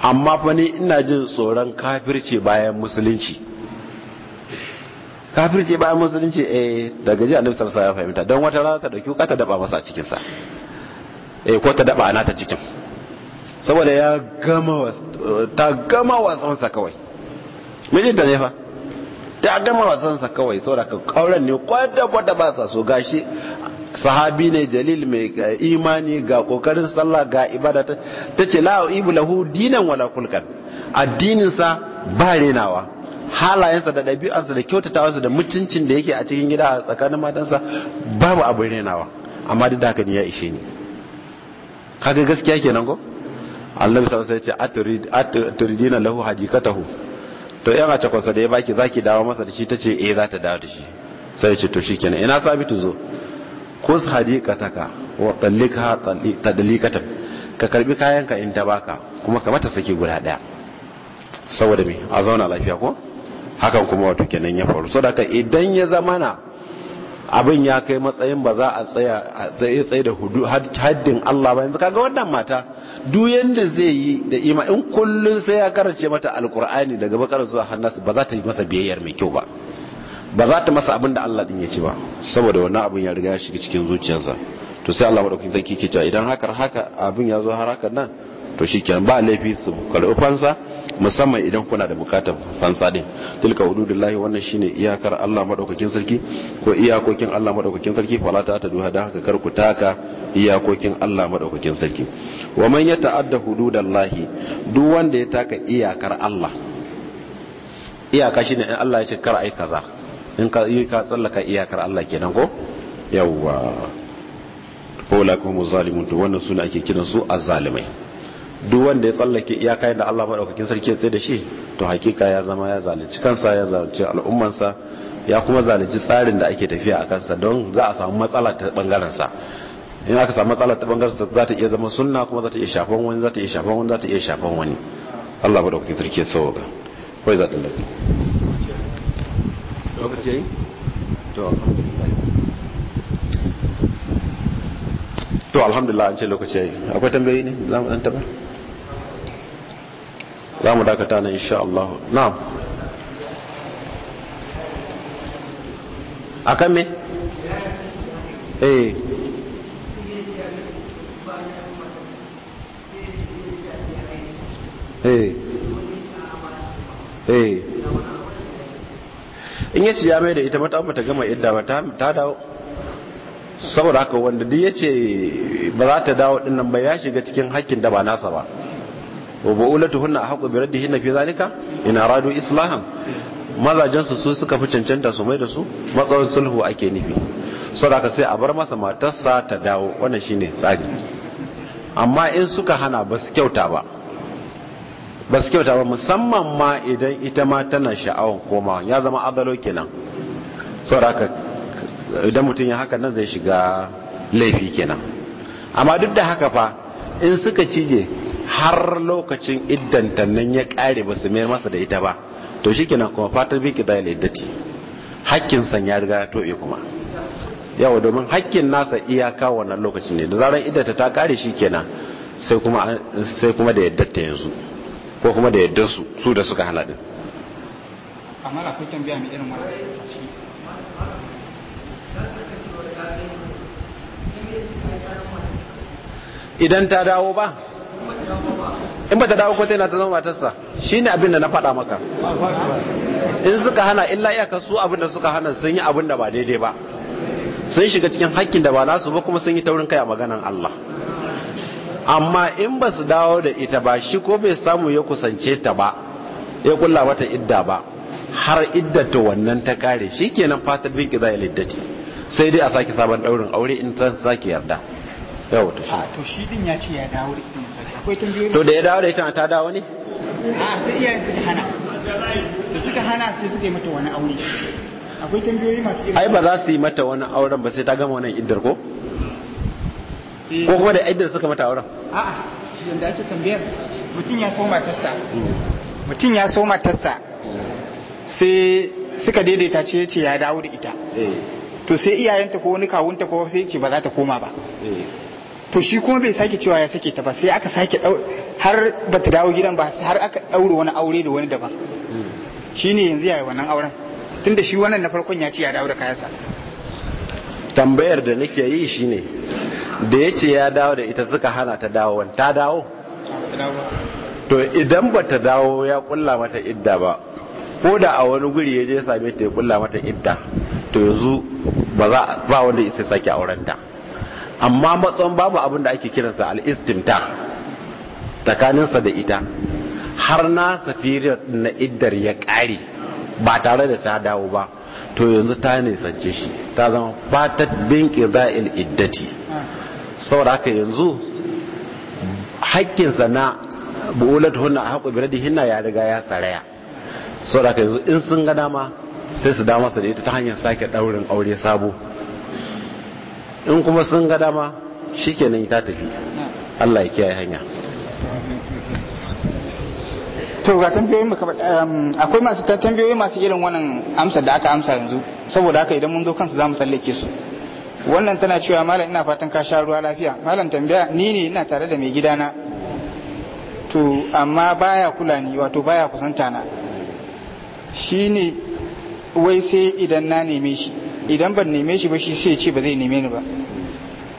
amma fa ni ina jin tsoron kafirce bayan musulunci kafirce bayan musulunci eh daga ji annabi sallallahu alaihi wasallam ya fahimta don wata rana ta dauki ka ta daba masa cikin sa eh ko ta daba ana ta cikin saboda ya gama ta gama wasansa kawai mijinta ne fa ta gama wasansa kawai saboda ka kauran ne kwada kwada ba sa so gashi sahabi ne jalil mai imani ga kokarin sallah ga ibada ta ce la ibu lahu dinan wala kulkan addininsa ba renawa halayensa da ɗabi'arsa da kyautatawarsa da mutuncin da yake a cikin gida a tsakanin matansa babu abin renawa amma duk da hakan ya ishe ni kaga gaskiya kenan ko annabi sallallahu alaihi wasallam ya ce aturidina lahu hadikatahu to yan ta kwasa da ya baki zaki dawo masa da shi tace eh za ta dawo da shi sai ce to shikenan ina sabitu zo kus hadikataka wa tallikha tadlikatan ka karbi kayanka in ta baka kuma ka mata saki guda daya saboda me a zauna lafiya ko hakan kuma wato kenan ya faru saboda idan ya zamana abin ya kai matsayin ba za a tsaya a tsaye tsaye da hudu haddin Allah ba yanzu kaga wannan mata duk yanda zai yi da ima in kullum sai ya karance mata alkur'ani daga bakar zuwa hannas ba za ta yi masa biyayyar mai kyau ba ba za ta masa abin da Allah din ya ci ba saboda wannan abin ya riga ya shiga cikin zuciyarsa to sai Allah madaukakin sarki ke cewa idan haka haka abin ya zo har haka nan to shikenan ba laifi su karɓi fansa musamman idan kuna da bukatar fansa din tilka hududullahi wannan shine iyakar Allah madaukakin sarki ko iyakokin Allah madaukakin sarki fala ta ta duha da haka kar ku taka iyakokin Allah madaukakin sarki wa man yata'adda hududallahi duk wanda ya taka iyakar Allah iyaka shine in Allah ya ce kar ai kaza in ka yi ka tsallaka iyakar Allah kenan ko yawwa ko lakum zalimun to wannan suna ake kiran su azzalimai duk wanda ya tsallake iyaka da Allah maɗaukakin sarki ya tsaye da shi to hakika ya zama ya zalunci kansa ya zalunci al'ummansa ya kuma zalunci tsarin da ake tafiya a kansa don za a samu matsala ta bangaren sa in aka samu matsala ta bangaren sa za ta iya zama sunna kuma za ta iya shafan wani za ta iya shafan wani za ta iya shafan wani Allah maɗaukakin sarki ya sauka wai za ta lafi to alhamdulillah an ce lokaci yayi akwai tambayi ne za mu dan tabbata za mu dakata na insha Allah na'am akan me eh eh eh in yace ya mai da ita mata ba ta gama idda ba ta dawo saboda haka wanda duk yace ba za ta dawo dinnan ba ya shiga cikin hakkin da ba nasa ba wa bu'ulatuhunna ahqqu bi raddihinna fi zalika in aradu islahan mazajen su su suka fi cancanta su mai da su matsawon sulhu ake nufi saboda sai a bar masa matarsa ta dawo wannan shine tsari amma in suka hana ba su kyauta ba ba su kyauta ba musamman ma idan ita ma tana sha'awan koma ya zama adalo kenan saboda idan mutum ya haka nan zai shiga laifi kenan amma duk da haka fa in suka cije har lokacin iddanta nan ya kare ba su mayar masa da ita ba to kenan kuma fatar biki da iddati hakkin san ya riga ya e kuma yawa domin hakkin nasa iyaka wannan lokacin ne da zaran iddata ta kare kenan sai kuma sai kuma da yaddata yanzu ko kuma da yaddar su su da suka hana din amma akwai tambaya mi irin wannan idan ta dawo ba in ba ta dawo ko ta yana ta zama matarsa shine abin da na faɗa maka in suka hana illa iyaka su abin da suka hana sun yi abin da ba daidai ba sun shiga cikin hakkin da ba nasu ba kuma sun yi taurin kai a maganan Allah amma in ba su dawo da ita ba shi ko bai samu ya kusance ta ba ya kulla mata idda ba har idda to wannan ta kare shi kenan fatar bin kiza ya liddati sai dai a sake sabon daurin aure in ta sake yarda yau to shi din ya ce ya dawo da ita to da ya dawo da ita ta dawo ne a sai iyayen suka hana su suka hana sai suka yi mata wani aure akwai tambayoyi masu irin ai ba za su yi mata wani auren ba sai ta gama wannan iddar ko ko kuma da iddar suka mata auren a'a yanda ake tambayar mutum ya so matarsa mutum ya so matarsa sai suka daidaita ce ce ya dawo da ita eh. to sai iyayenta ko wani kawunta ko sai ce ba za ta koma ba eh. to shi kuma bai sake cewa ya sake ta ba sai aka sake har ba ta dawo gidan ba har aka daure wani aure da wani daban shi ne yanzu yayi wannan auren tunda shi wannan na farkon ya ce ya dawo da kayansa tambayar da nake yi shi ne da ya ce ya dawo da ita suka hana ta dawo ta dawo to idan ba ta dawo ya kulla mata idda ba ko da a wani guri ya je same ta ya kulla mata idda to yanzu ba za ba wanda sai sake aurenta amma matsayin babu abin da ake kiransa al'istimta tsakaninsa da ita har na safiriyar na iddar ya ƙare ba tare da ta dawo ba to yanzu ta nisance shi ta zama fatat bin ƙira'il iddati saboda haka yanzu haƙƙinsa na bu'ulat hunna a haƙo biradi hinna ya riga ya saraya saboda haka yanzu in sun ga dama sai su dama su da ita ta hanyar sake ɗaurin aure sabo in kuma sun ga dama shikenan ta tafi Allah ya kiyaye hanya to ga tambayoyin muka um, akwai masu tambayoyi masu irin wannan amsar da aka amsa yanzu saboda haka idan mun zo kansu zamu tsallake su wannan tana cewa malam ina fatan ka sha ruwa lafiya malam tambaya ni ne ina tare da mai gidana to amma baya kula ni wato baya kusanta na shine wai sai idan na neme shi idan ban neme shi ba shi sai ce ba zai neme ni ba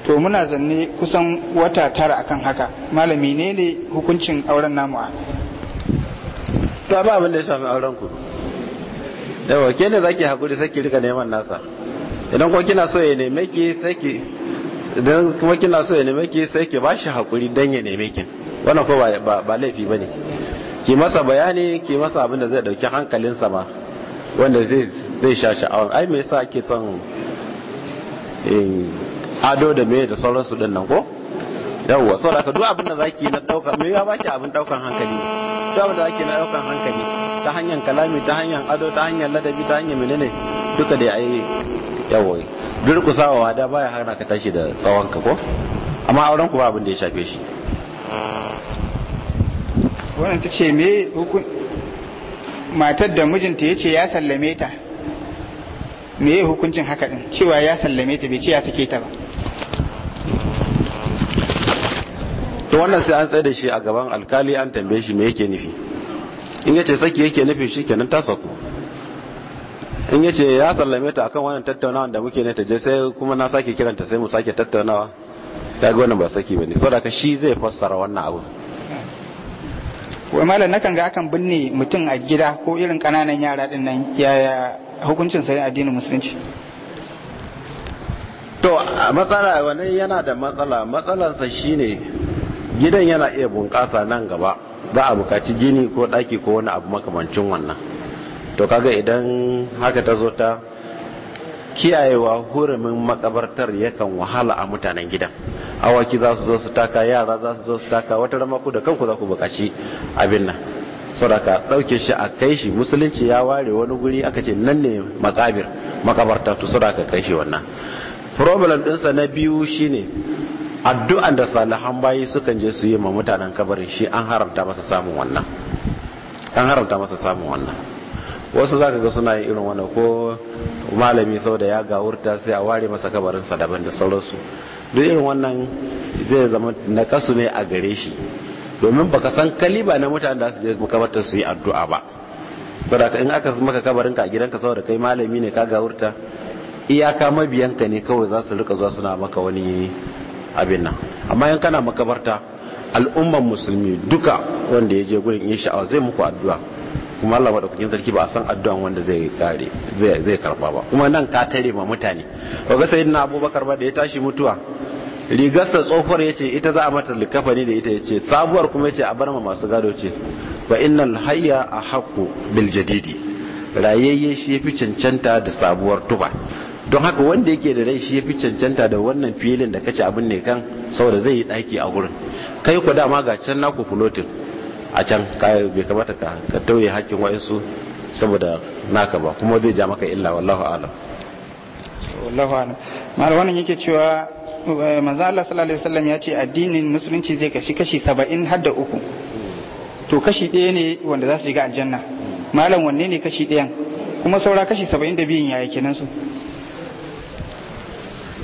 to muna zanne kusan wata tara akan haka malami ne ne hukuncin auren namu a ta ba abin da ya shafi auren ku yawa ke ne zaki hakuri sai ki rika neman nasa idan kuma kina so ya neme ki sai ki idan kuma kina so ya neme ki sai ki shi hakuri dan ya neme ki wannan ko ba laifi ba ne ki masa bayani ki masa abin da zai dauki hankalinsa ma wanda zai sha sha'awar ai mai sa ake son eh, ado da mai da sauransu din nan ko yawwa so da duk abin da zaki na dauka me ya baki abin daukan hankali duk abin da zaki na daukan hankali ta hanyar kalami ta hanyar ado ta hanyar ladabi ta hanyar menene duka da ai yawwa durkusawa wada baya hana ka tashi da tsawon ka ko amma auren ku ba abin da ya shafe shi wannan tace me hukunci matar da mijinta ya ce ya sallame ta me ya hukuncin haka din cewa ya sallame ta bai ce ya sake ta ba to wannan sai an tsaye da shi a gaban alkali an tambaye shi me yake nufi in yace saki yake nufi shi kenan ta sako in yace ya sallame ta akan wannan tattaunawa da muke ne ta je sai kuma na sake kiranta sai mu sake tattaunawa ga wannan ba saki bane saboda ka shi zai fassara wannan abu wai malam nakan ga akan binne mutum a gida ko irin kananan yara din nan yaya hukuncin sai addinin musulunci to matsala wannan yana da matsala matsalansa shine gidan yana iya bunƙasa nan gaba za a bukaci gini ko ɗaki ko wani abu makamancin wannan to kaga idan haka ta zo ta kiyayewa hurumin makabartar yakan wahala a mutanen gidan awaki za su zo su taka yara za su zo su taka wata rama ku da kanku za ku bukaci abin nan saboda ɗauke shi a kai shi musulunci ya ware wani guri aka ce nan ne makabir makabarta to saboda ka kai shi wannan problem ɗinsa na biyu shine addu'an da salihan bayi sukan je su yi ma mutanen kabarin shi an haramta masa samun wannan an haramta masa samun wannan wasu za ka ga suna yin irin wani ko malami sau da ya gawurta sai a ware masa kabarinsa daban da sauransu duk irin wannan zai zama na kasu ne a gare shi domin baka san kaliba na mutane da su je makabartar su yi addu'a ba saboda in aka maka kabarinka a gidanka saboda kai malami ne ka gawurta iyaka mabiyanka ne kawai za su rika zuwa suna maka wani abin nan amma in kana makabarta al'umman musulmi duka wanda ya je gurin yin sha'awa zai muku addu'a kuma Allah madaukakin sarki ba a san addu'an wanda zai kare zai karba ba kuma nan ka tare ma mutane ba sai na Abubakar ba da ya tashi mutuwa rigarsa tsofar yace ita za a mata likafani da ita yace sabuwar kuma yace a bar ma masu gado ce fa innal hayya a bil jadidi rayayye shi yafi cancanta da sabuwar tuba don haka wanda yake da rai shi yafi cancanta da wannan filin da kace abin ne kan saboda zai yi daki a gurin kai ku dama ga can naku floating a can bai kamata ka tauye hakkin wa'insu saboda naka ba kuma zai ja maka illa wallahu alam wallahu alam mal wannan yake cewa eh, manzo Allah sallallahu alaihi wasallam ya ce addinin musulunci zai kashi kashi 70 har da uku to kashi ɗaya ne wanda za su shiga aljanna malam wanne ne kashi ɗayan kuma saura kashi 72 yaya kenan su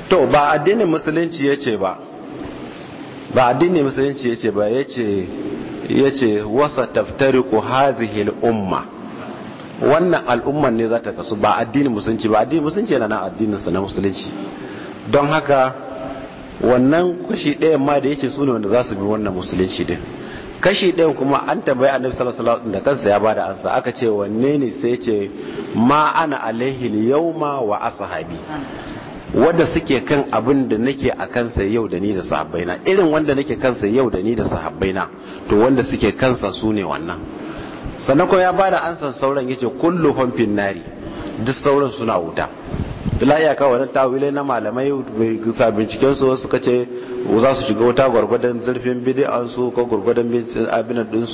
to ba addinin musulunci yace ba ba addinin musulunci yace ba yace ya ce wasa taftariku hazihil umma wannan al'ummar ne za ta kasu ba addinin musulunci ba addinin musulunci yana na addininsa na musulunci don haka wannan kashi ɗayan ma da yake sune wanda za su bi wannan musulunci din kashi ɗayan kuma an tambayi annabi sallallahu alaihi da kansa ya bada ansa aka ce wanne ne sai ce ma ana alaihi yauma wa ashabi wanda suke kan abin da nake a kansa yau da ni da sahabbaina irin wanda nake kansa yau da ni da sahabbaina to wanda suke kansa su ne wannan sannan kuma ya bada ansan sauran yace kullu hamfin nari duk sauran suna wuta ya ka wannan tawilai na malamai sa binciken su suka ce za su shiga wuta gurgurdan zurfin bid'an su ko gurgurdan abin din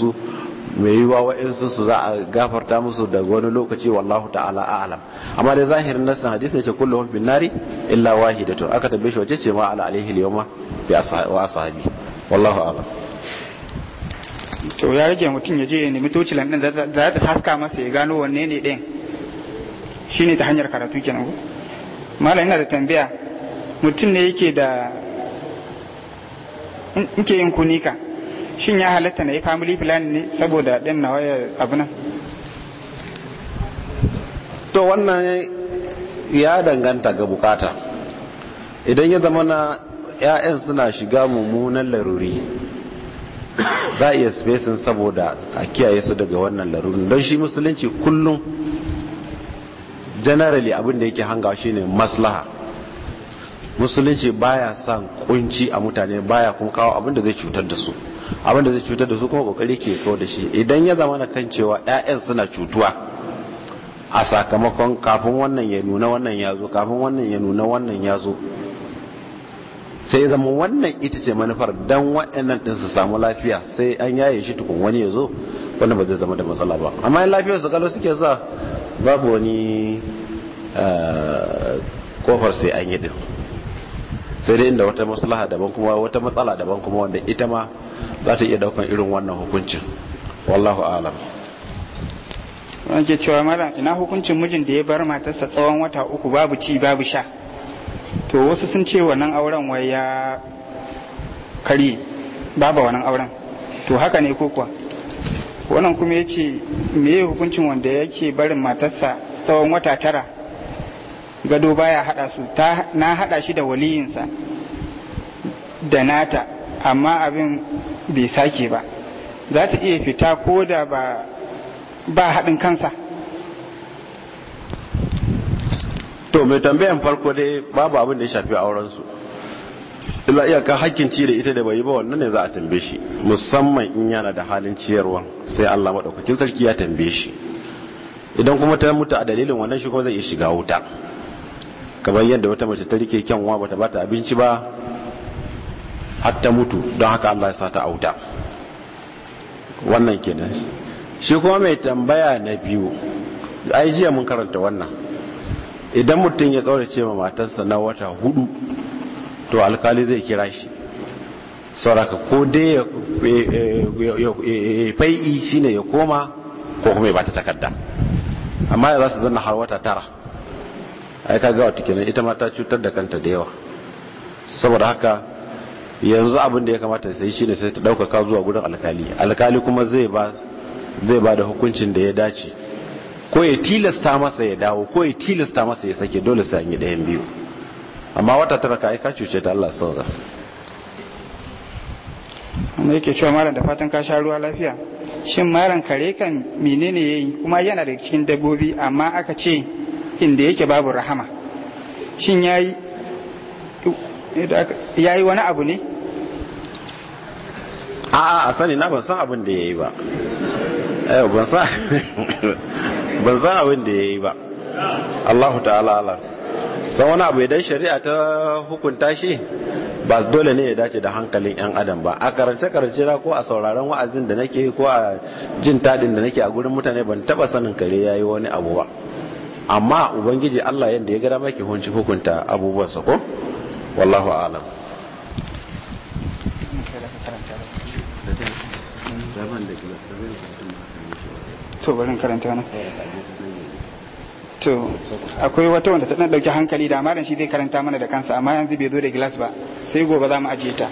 mai yiwuwa wa'insu su za a gafarta musu daga wani lokaci wallahu ta'ala a'lam amma dai zahirin nasu hadisi ne ce kullum bin nari illa wahidatun aka tabbe shi wace ce ma ala alaihi al-yawma bi wallahu a'lam to ya rage mutum ya je ya nemi tocilan din da za ta haska masa ya gano wanne ne din shine ta hanyar karatu kenan ko malam da tambaya mutum ne yake da yake yin kunika shin ya halatta na yi family plan ne saboda din na waya abu nan to wannan ya danganta ga bukata idan ya zama na 'ya'yan suna shiga mummunan laruri za a iya spacing saboda a kiyaye su daga wannan larurin don shi musulunci kullum generally abin da yake hanga shi ne maslaha musulunci baya son kunci a mutane baya kuma kawo abin da zai cutar da su abin da zai cutar da su kuma kokari ke kawo da shi idan ya zama na kan cewa ƴaƴan suna cutuwa a sakamakon kafin wannan ya nuna wannan ya zo kafin wannan ya nuna wannan ya zo sai zama wannan ita ce manufar dan waɗannan ɗin su samu lafiya sai an yaye shi tukun wani ya zo wanda ba zai zama da matsala ba amma in lafiyar su kalo suke sa babu wani kofar eh, sai an yi din sai dai inda wata maslaha daban kuma wata matsala daban kuma wanda ita ma za ta iya daukan irin wannan hukuncin wallahu alam wanke cewa mara ina hukuncin mijin da ya bar matarsa tsawon wata uku babu ci babu sha to wasu sun ce wannan auren wai ya karye babu wannan auren to haka ne ko kuwa wannan kuma ya ce meye hukuncin wanda yake barin matarsa tsawon wata tara gado baya hada su na hada shi da waliyinsa da nata amma abin bai sake ba za ta iya fita ko da ba haɗin kansa to mai tambayan farko dai babu abin da ya shafi aurensu iya iyaka hakkin ci da ita da bai ba wannan ne za a tambaye shi musamman in yana da halin ciyarwa sai Allah madaukakin sarki ya tambaye shi idan kuma ta mutu a dalilin wannan shi kuma zai iya shiga wuta kamar yadda wata mace ta rike kyanwa bata bata abinci ba ta mutu don haka Allah ya sa ta auta wannan kenan shi kuma mai tambaya na biyu ai jiya mun karanta wannan idan mutum ya kaurace ma matarsa na wata hudu to alkali zai kira shi sauraka ko dai ya fai'i shine ya koma ko kuma ya bata takarda amma ya za su zanna har wata tara aika ga wata kenan ita mata cutar da kanta da yawa saboda haka yanzu abin da ya kamata sai shine sai ta ɗaukaka zuwa gurin alkali alkali kuma zai ba zai ba da hukuncin da ya dace ko ya tilasta masa ya dawo ko ya tilasta masa ya sake dole sai an yi dayan biyu amma wata tara ka aika cuce ta Allah saura amma yake cewa malam da fatan ka sha ruwa lafiya shin malam kare kan menene yayi kuma yana da cikin dabbobi amma aka ce inda yake babu rahama shin yayi ya yi wani abu ne a a sani na ban san abin da ya yi ba eh, ban san abin da ya yi ba allahu ta'ala ala san wani abu idan shari'a ta hukunta shi ba dole ne ya dace da hankalin 'yan adam ba a karance-karance na ko a sauraron wa'azin da nake ko a jin tadin da nake a gurin mutane ban taba sanin kare ya yi wani abu ba amma ubangiji allah yadda ya gara maki hunci hukunta abubuwansa ko والله اعلم to barin karanta na to akwai wata wanda ta dan dauki hankali da amaran shi zai karanta mana da kansa amma yanzu bai zo da glass ba sai gobe za mu ajiye ta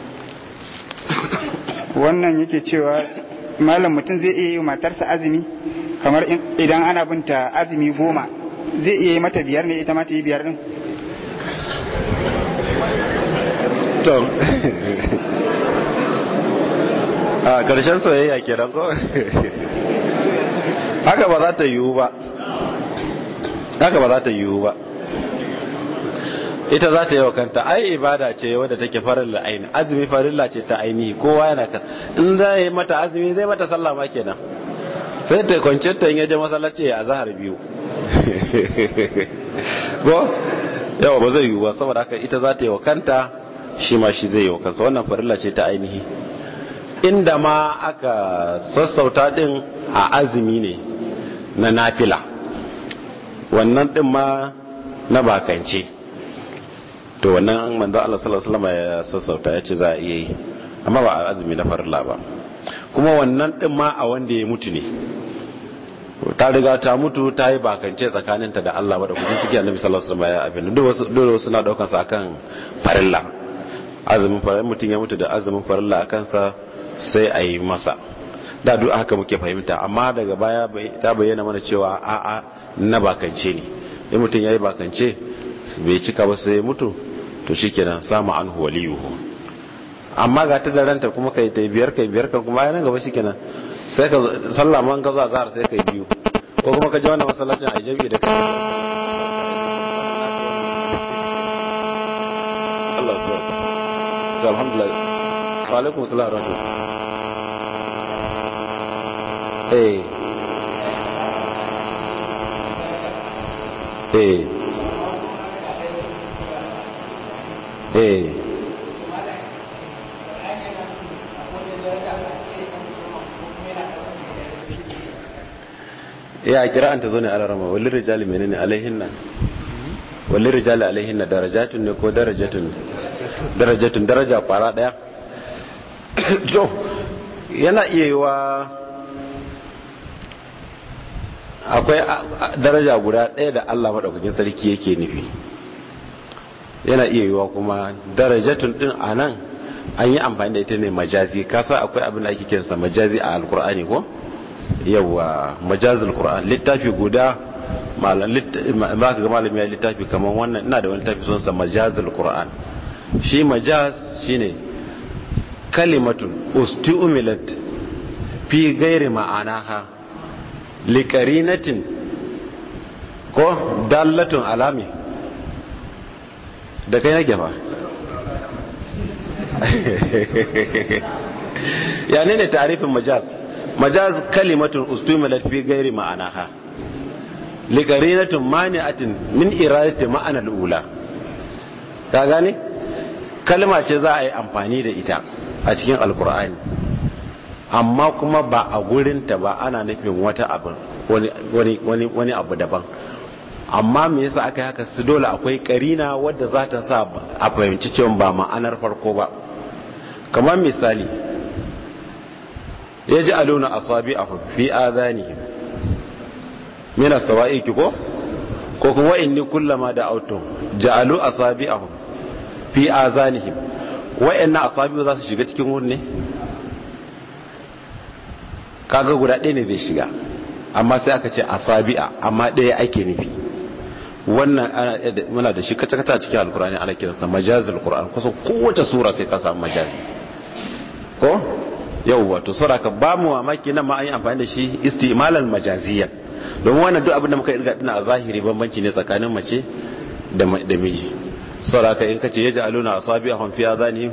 wannan yake cewa malam mutum zai iya yi matarsa azumi kamar idan ana binta azumi goma zai iya yi mata biyar ne ita ma ta yi biyar din to a ƙarshen soyayya kenan ko haka ba za ta yiwu ba haka ba za ta yiwu ba ita za ta yi wa kanta ai ibada ce wadda take farin aini azumi farilla ce ta aini kowa yana kan in za yi mata azumi zai mata sallah ma kenan sai ta kwanci ta yaje masallaci a zahar biyu ko yawa ba zai yiwu ba saboda haka ita za ta yi wa kanta shi ma shi zai yi wa kansa wannan farilla ce ta ainihi inda ma aka sassauta din a azumi ne na nafila wannan din ma na bakance to wannan an manzo Allah sallallahu alaihi wasallam ya sassauta ce za a iya yi amma ba a azumi na farilla ba kuma wannan din ma a wanda ya mutu ne ta riga ta mutu ta yi bakance tsakaninta da Allah wadda kudin suke annabi sallallahu alaihi wasallam ya abin dole wasu na sa akan farilla azumin farilla mutum ya mutu da azumin farilla la kansa sai a yi masa da duk haka muke fahimta amma daga baya ta bayyana mana cewa a'a na bakance ne in mutum ya yi bakance bai cika ba sai mutu to shi kenan samu an yuhu amma ga ta da ranta kuma kai ta biyar kai biyar kan kuma yanar gaba shi kenan sai ka sallah man gaza a zahar sai kai biyu ko kuma ka ji wannan masallacin a jabi da kai alaikum salam eh. eh eh eh ya ta zo ne alarama wallin rijali menene alaihin nan wallin rijali alaihin na darajatun ne ko darajatun darajatun daraja kwara daya to yana iya wa akwai daraja guda ɗaya da Allah maɗaukakin sarki yake nufi yana iya wa kuma darajatun ɗin a nan an yi amfani da ita ne majazi kasa akwai abin da ake kinsa majazi a alkur'ani ko yawwa majazil kur'an littafi guda ba ka ga malami ya littafi kamar wannan ina da wani littafi sunsa majazil kur'an shi majaz shi ne. kalimatun ustu'milat fi gairi ma'anaha liƙarinatin ko dallatun alami da kai nake ba ya ne tarifin majaz majaz kalimatun ustumilat fi gairi ma'anaha liqarinatun mani'atin min iradati ma'ana ula. ka gane kalma ce za a yi amfani da ita a cikin alkur'ani amma kuma ba a gurinta ba ana nufin wata abin wani abu daban amma me yasa aka haka su dole akwai karina wadda za ta sa a fahimci cewa ba ma'anar farko ba kamar misali ya ji aluna asabi a fi azanihim mina sawa'i ko ko kuma inni kullama da auto ja'alu asabi a fi azanihim na asabi za su shiga cikin wurin ne kaga guda ɗaya ne zai shiga amma sai aka ce asabi'a amma ɗaya ake nufi wannan muna da shi kata-kata a cikin alkurani ana kiransa majazi alkurani kusan kowace sura sai ka samu majazi ko yau wato sura ka ba mu mamaki nan ma an yi amfani da shi istimalan majaziya domin wannan duk abin da muka yi dina a zahiri bambanci ne tsakanin mace da miji sauraka in kace ya ja'aluna asabi'ahum za ni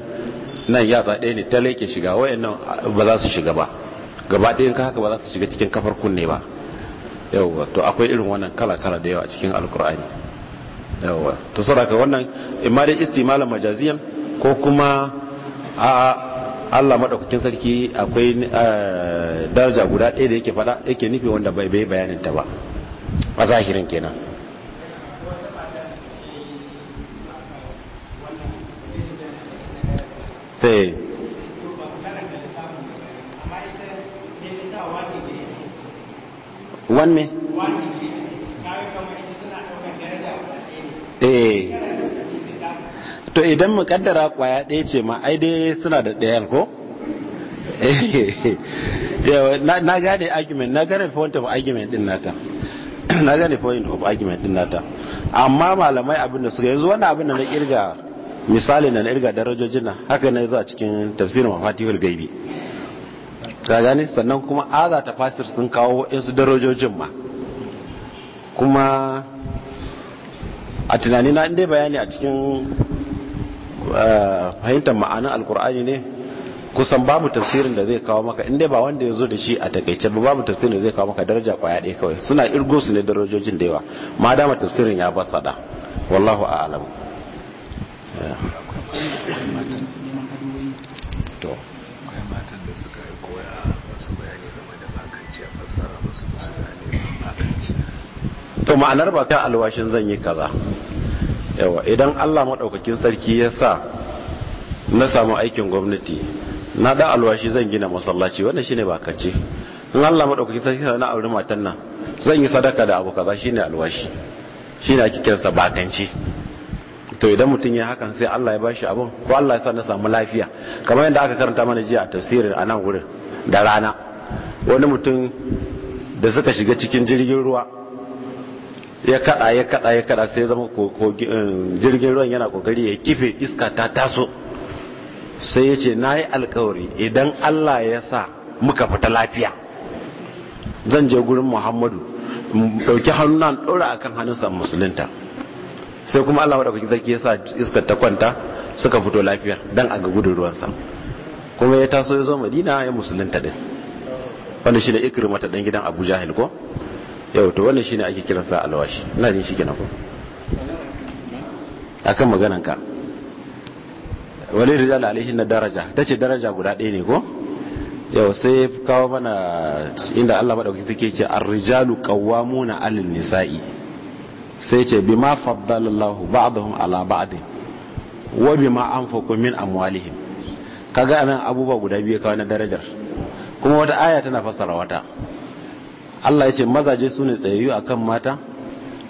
nan ya ɗaya ne ta leke shiga wayannan ba za su shiga ba gaba ɗayan ka haka ba za su shiga cikin kafar kunne ba yawwa to akwai irin wannan kala kala da yawa a cikin alkur'ani yawwa to sauraka wannan imma dai istimalan majaziyan ko kuma a Allah madaukakin sarki akwai daraja guda ɗaya da yake faɗa yake nufi wanda bai bayanin ta ba a zahirin kenan eh wan me eh to idan mukaddara kwaya ɗaya ce ma ai dai suna da ɗayan ko eh. na gane argument na gane point of argument din nata na gane point of argument din nata amma malamai abin da suka yanzu wannan abin da na kirga misali na irga darajojin nan haka ne zuwa cikin tafsirin mafatihul gaibi ka gane sannan kuma aza ta fasir sun kawo yansu darajojin ma kuma a tunani na inda bayani a cikin eh, fahimtar ma'anin alkur'ani ne kusan babu tafsirin da zai kawo maka inda ba wanda ya zo da shi a takaice ba babu tafsirin da zai kawo maka daraja kwaya ɗaya kawai suna irgo su ne darajojin da yawa ma dama tafsirin ya sada wallahu a'alamu to ma'anar ba ta alwashin zan yi kaza yawa idan Allah maɗaukakin sarki ya sa na samu aikin gwamnati na da alwashi zan gina masallaci wannan shine bakanci in Allah maɗaukakin sarki ya sa na auri matan nan zan yi sadaka da abu kaza shine alwashi shine ake kiransa bakanci to idan mutum ya hakan sai Allah ya bashi abun ko Allah ya sa na samu lafiya kamar yadda aka karanta mana jiya a tafsirin a nan wurin da rana wani mutum da suka shiga cikin jirgin ruwa ya kada ya kada ya kada sai zama eh, jirgin ruwan yana kokari ya kife iska ta taso sai ya ce na yi alkawari idan Allah ya sa muka fita lafiya zan je gurin muhammadu ɗauki hannun nan ɗora akan hannunsa musulunta sai kuma Allah wadda kuke zaki sa iskar ta kwanta suka fito lafiya dan a ga gudun ruwan kuma ya taso ya zo Madina ya musulunta din wannan shine Ikrima ta dan gidan Abu Jahil ko yau to wannan shine ake kiransa alwashi ina jin shi kenan ko akan maganan ka wali rijal alaihi na daraja tace daraja guda ɗaya ne ko yau sai kawo mana inda Allah madaukakin sarki ya ce ar-rijalu qawwamuna 'alan nisa'i sai ce bi ma faddalallahu ba'dahum ala ba'din wa bi ma anfaqu min amwalihim kaga anan abubuwa guda biyu kawai na darajar kuma wata aya tana fassara wata Allah ya ce mazaje su ne tsayayyu akan mata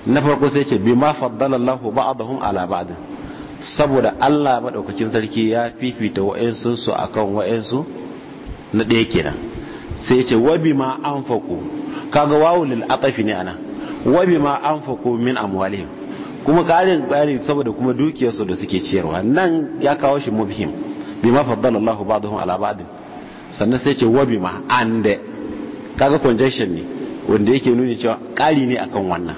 na farko sai ce bi ma faddalallahu ba'dahum ala ba'din saboda Allah madaukakin sarki ya fifita wa'ansu su akan wa'ansu na ɗaya kenan sai ce wa bi ma anfaqu kaga wawu lil atafi ne anan wa bima anfaqu min amwalihim kuma karin bayani saboda kuma dukiyarsu da suke ciyarwa nan ya kawo shi mubhim ma faddala Allahu ba'dahum ala ba'd sannan sai ce wa ma and kaga conjunction ne wanda yake nuni cewa kari ne akan wannan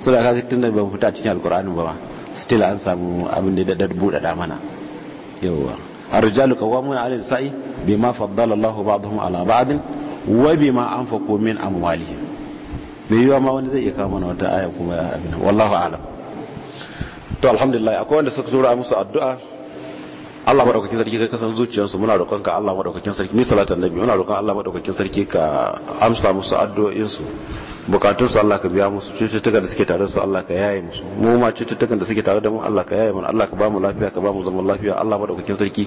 saboda kaga tunda ban fita cikin alqur'ani ba still an samu abin da da da mana yawwa الرجال قوامون على النساء بما فضل الله بعضهم على بعض ma anfaqu min amwalihim mai yiwa ma wani zai iya kama na wata aya kuma ya abin wallahu alam to alhamdulillah akwai wanda suka tura musu addu'a Allah madaukakin sarki kai kasan zuciyarsu muna roƙon ka Allah madaukakin sarki ni salatan nabi muna roƙon Allah madaukakin sarki ka amsa musu addu'o'in su bukatun su Allah ka biya musu cututtuka da suke tare da su Allah ka yaye musu mu ma cututtukan da suke tare da mu Allah ka yaye mana Allah ka ba mu lafiya ka ba mu zaman lafiya Allah madaukakin sarki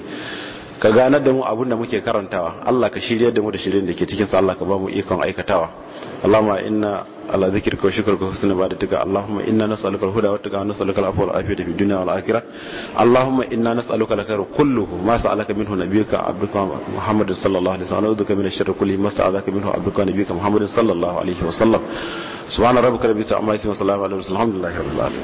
ka ganar da mu abin da muke karantawa Allah ka shirye da mu da shirin da ke cikin sa Allah ka ba mu ikon aikatawa اللهم إنا على ذكرك وشكرك وحسن عبادتك اللهم إنا نسألك الهدى والتقى ونسألك العفو والعافية في الدنيا والآخرة اللهم إنا نسألك الخير كله ما سألك منه نبيك عبدك محمد صلى الله عليه وسلم ونعوذك من الشر كله ما استعاذك منه عبدك ونبيك محمد صلى الله عليه وسلم سبحان ربك رب العزة عما يصفون وسلام على المرسلين الحمد لله رب العالمين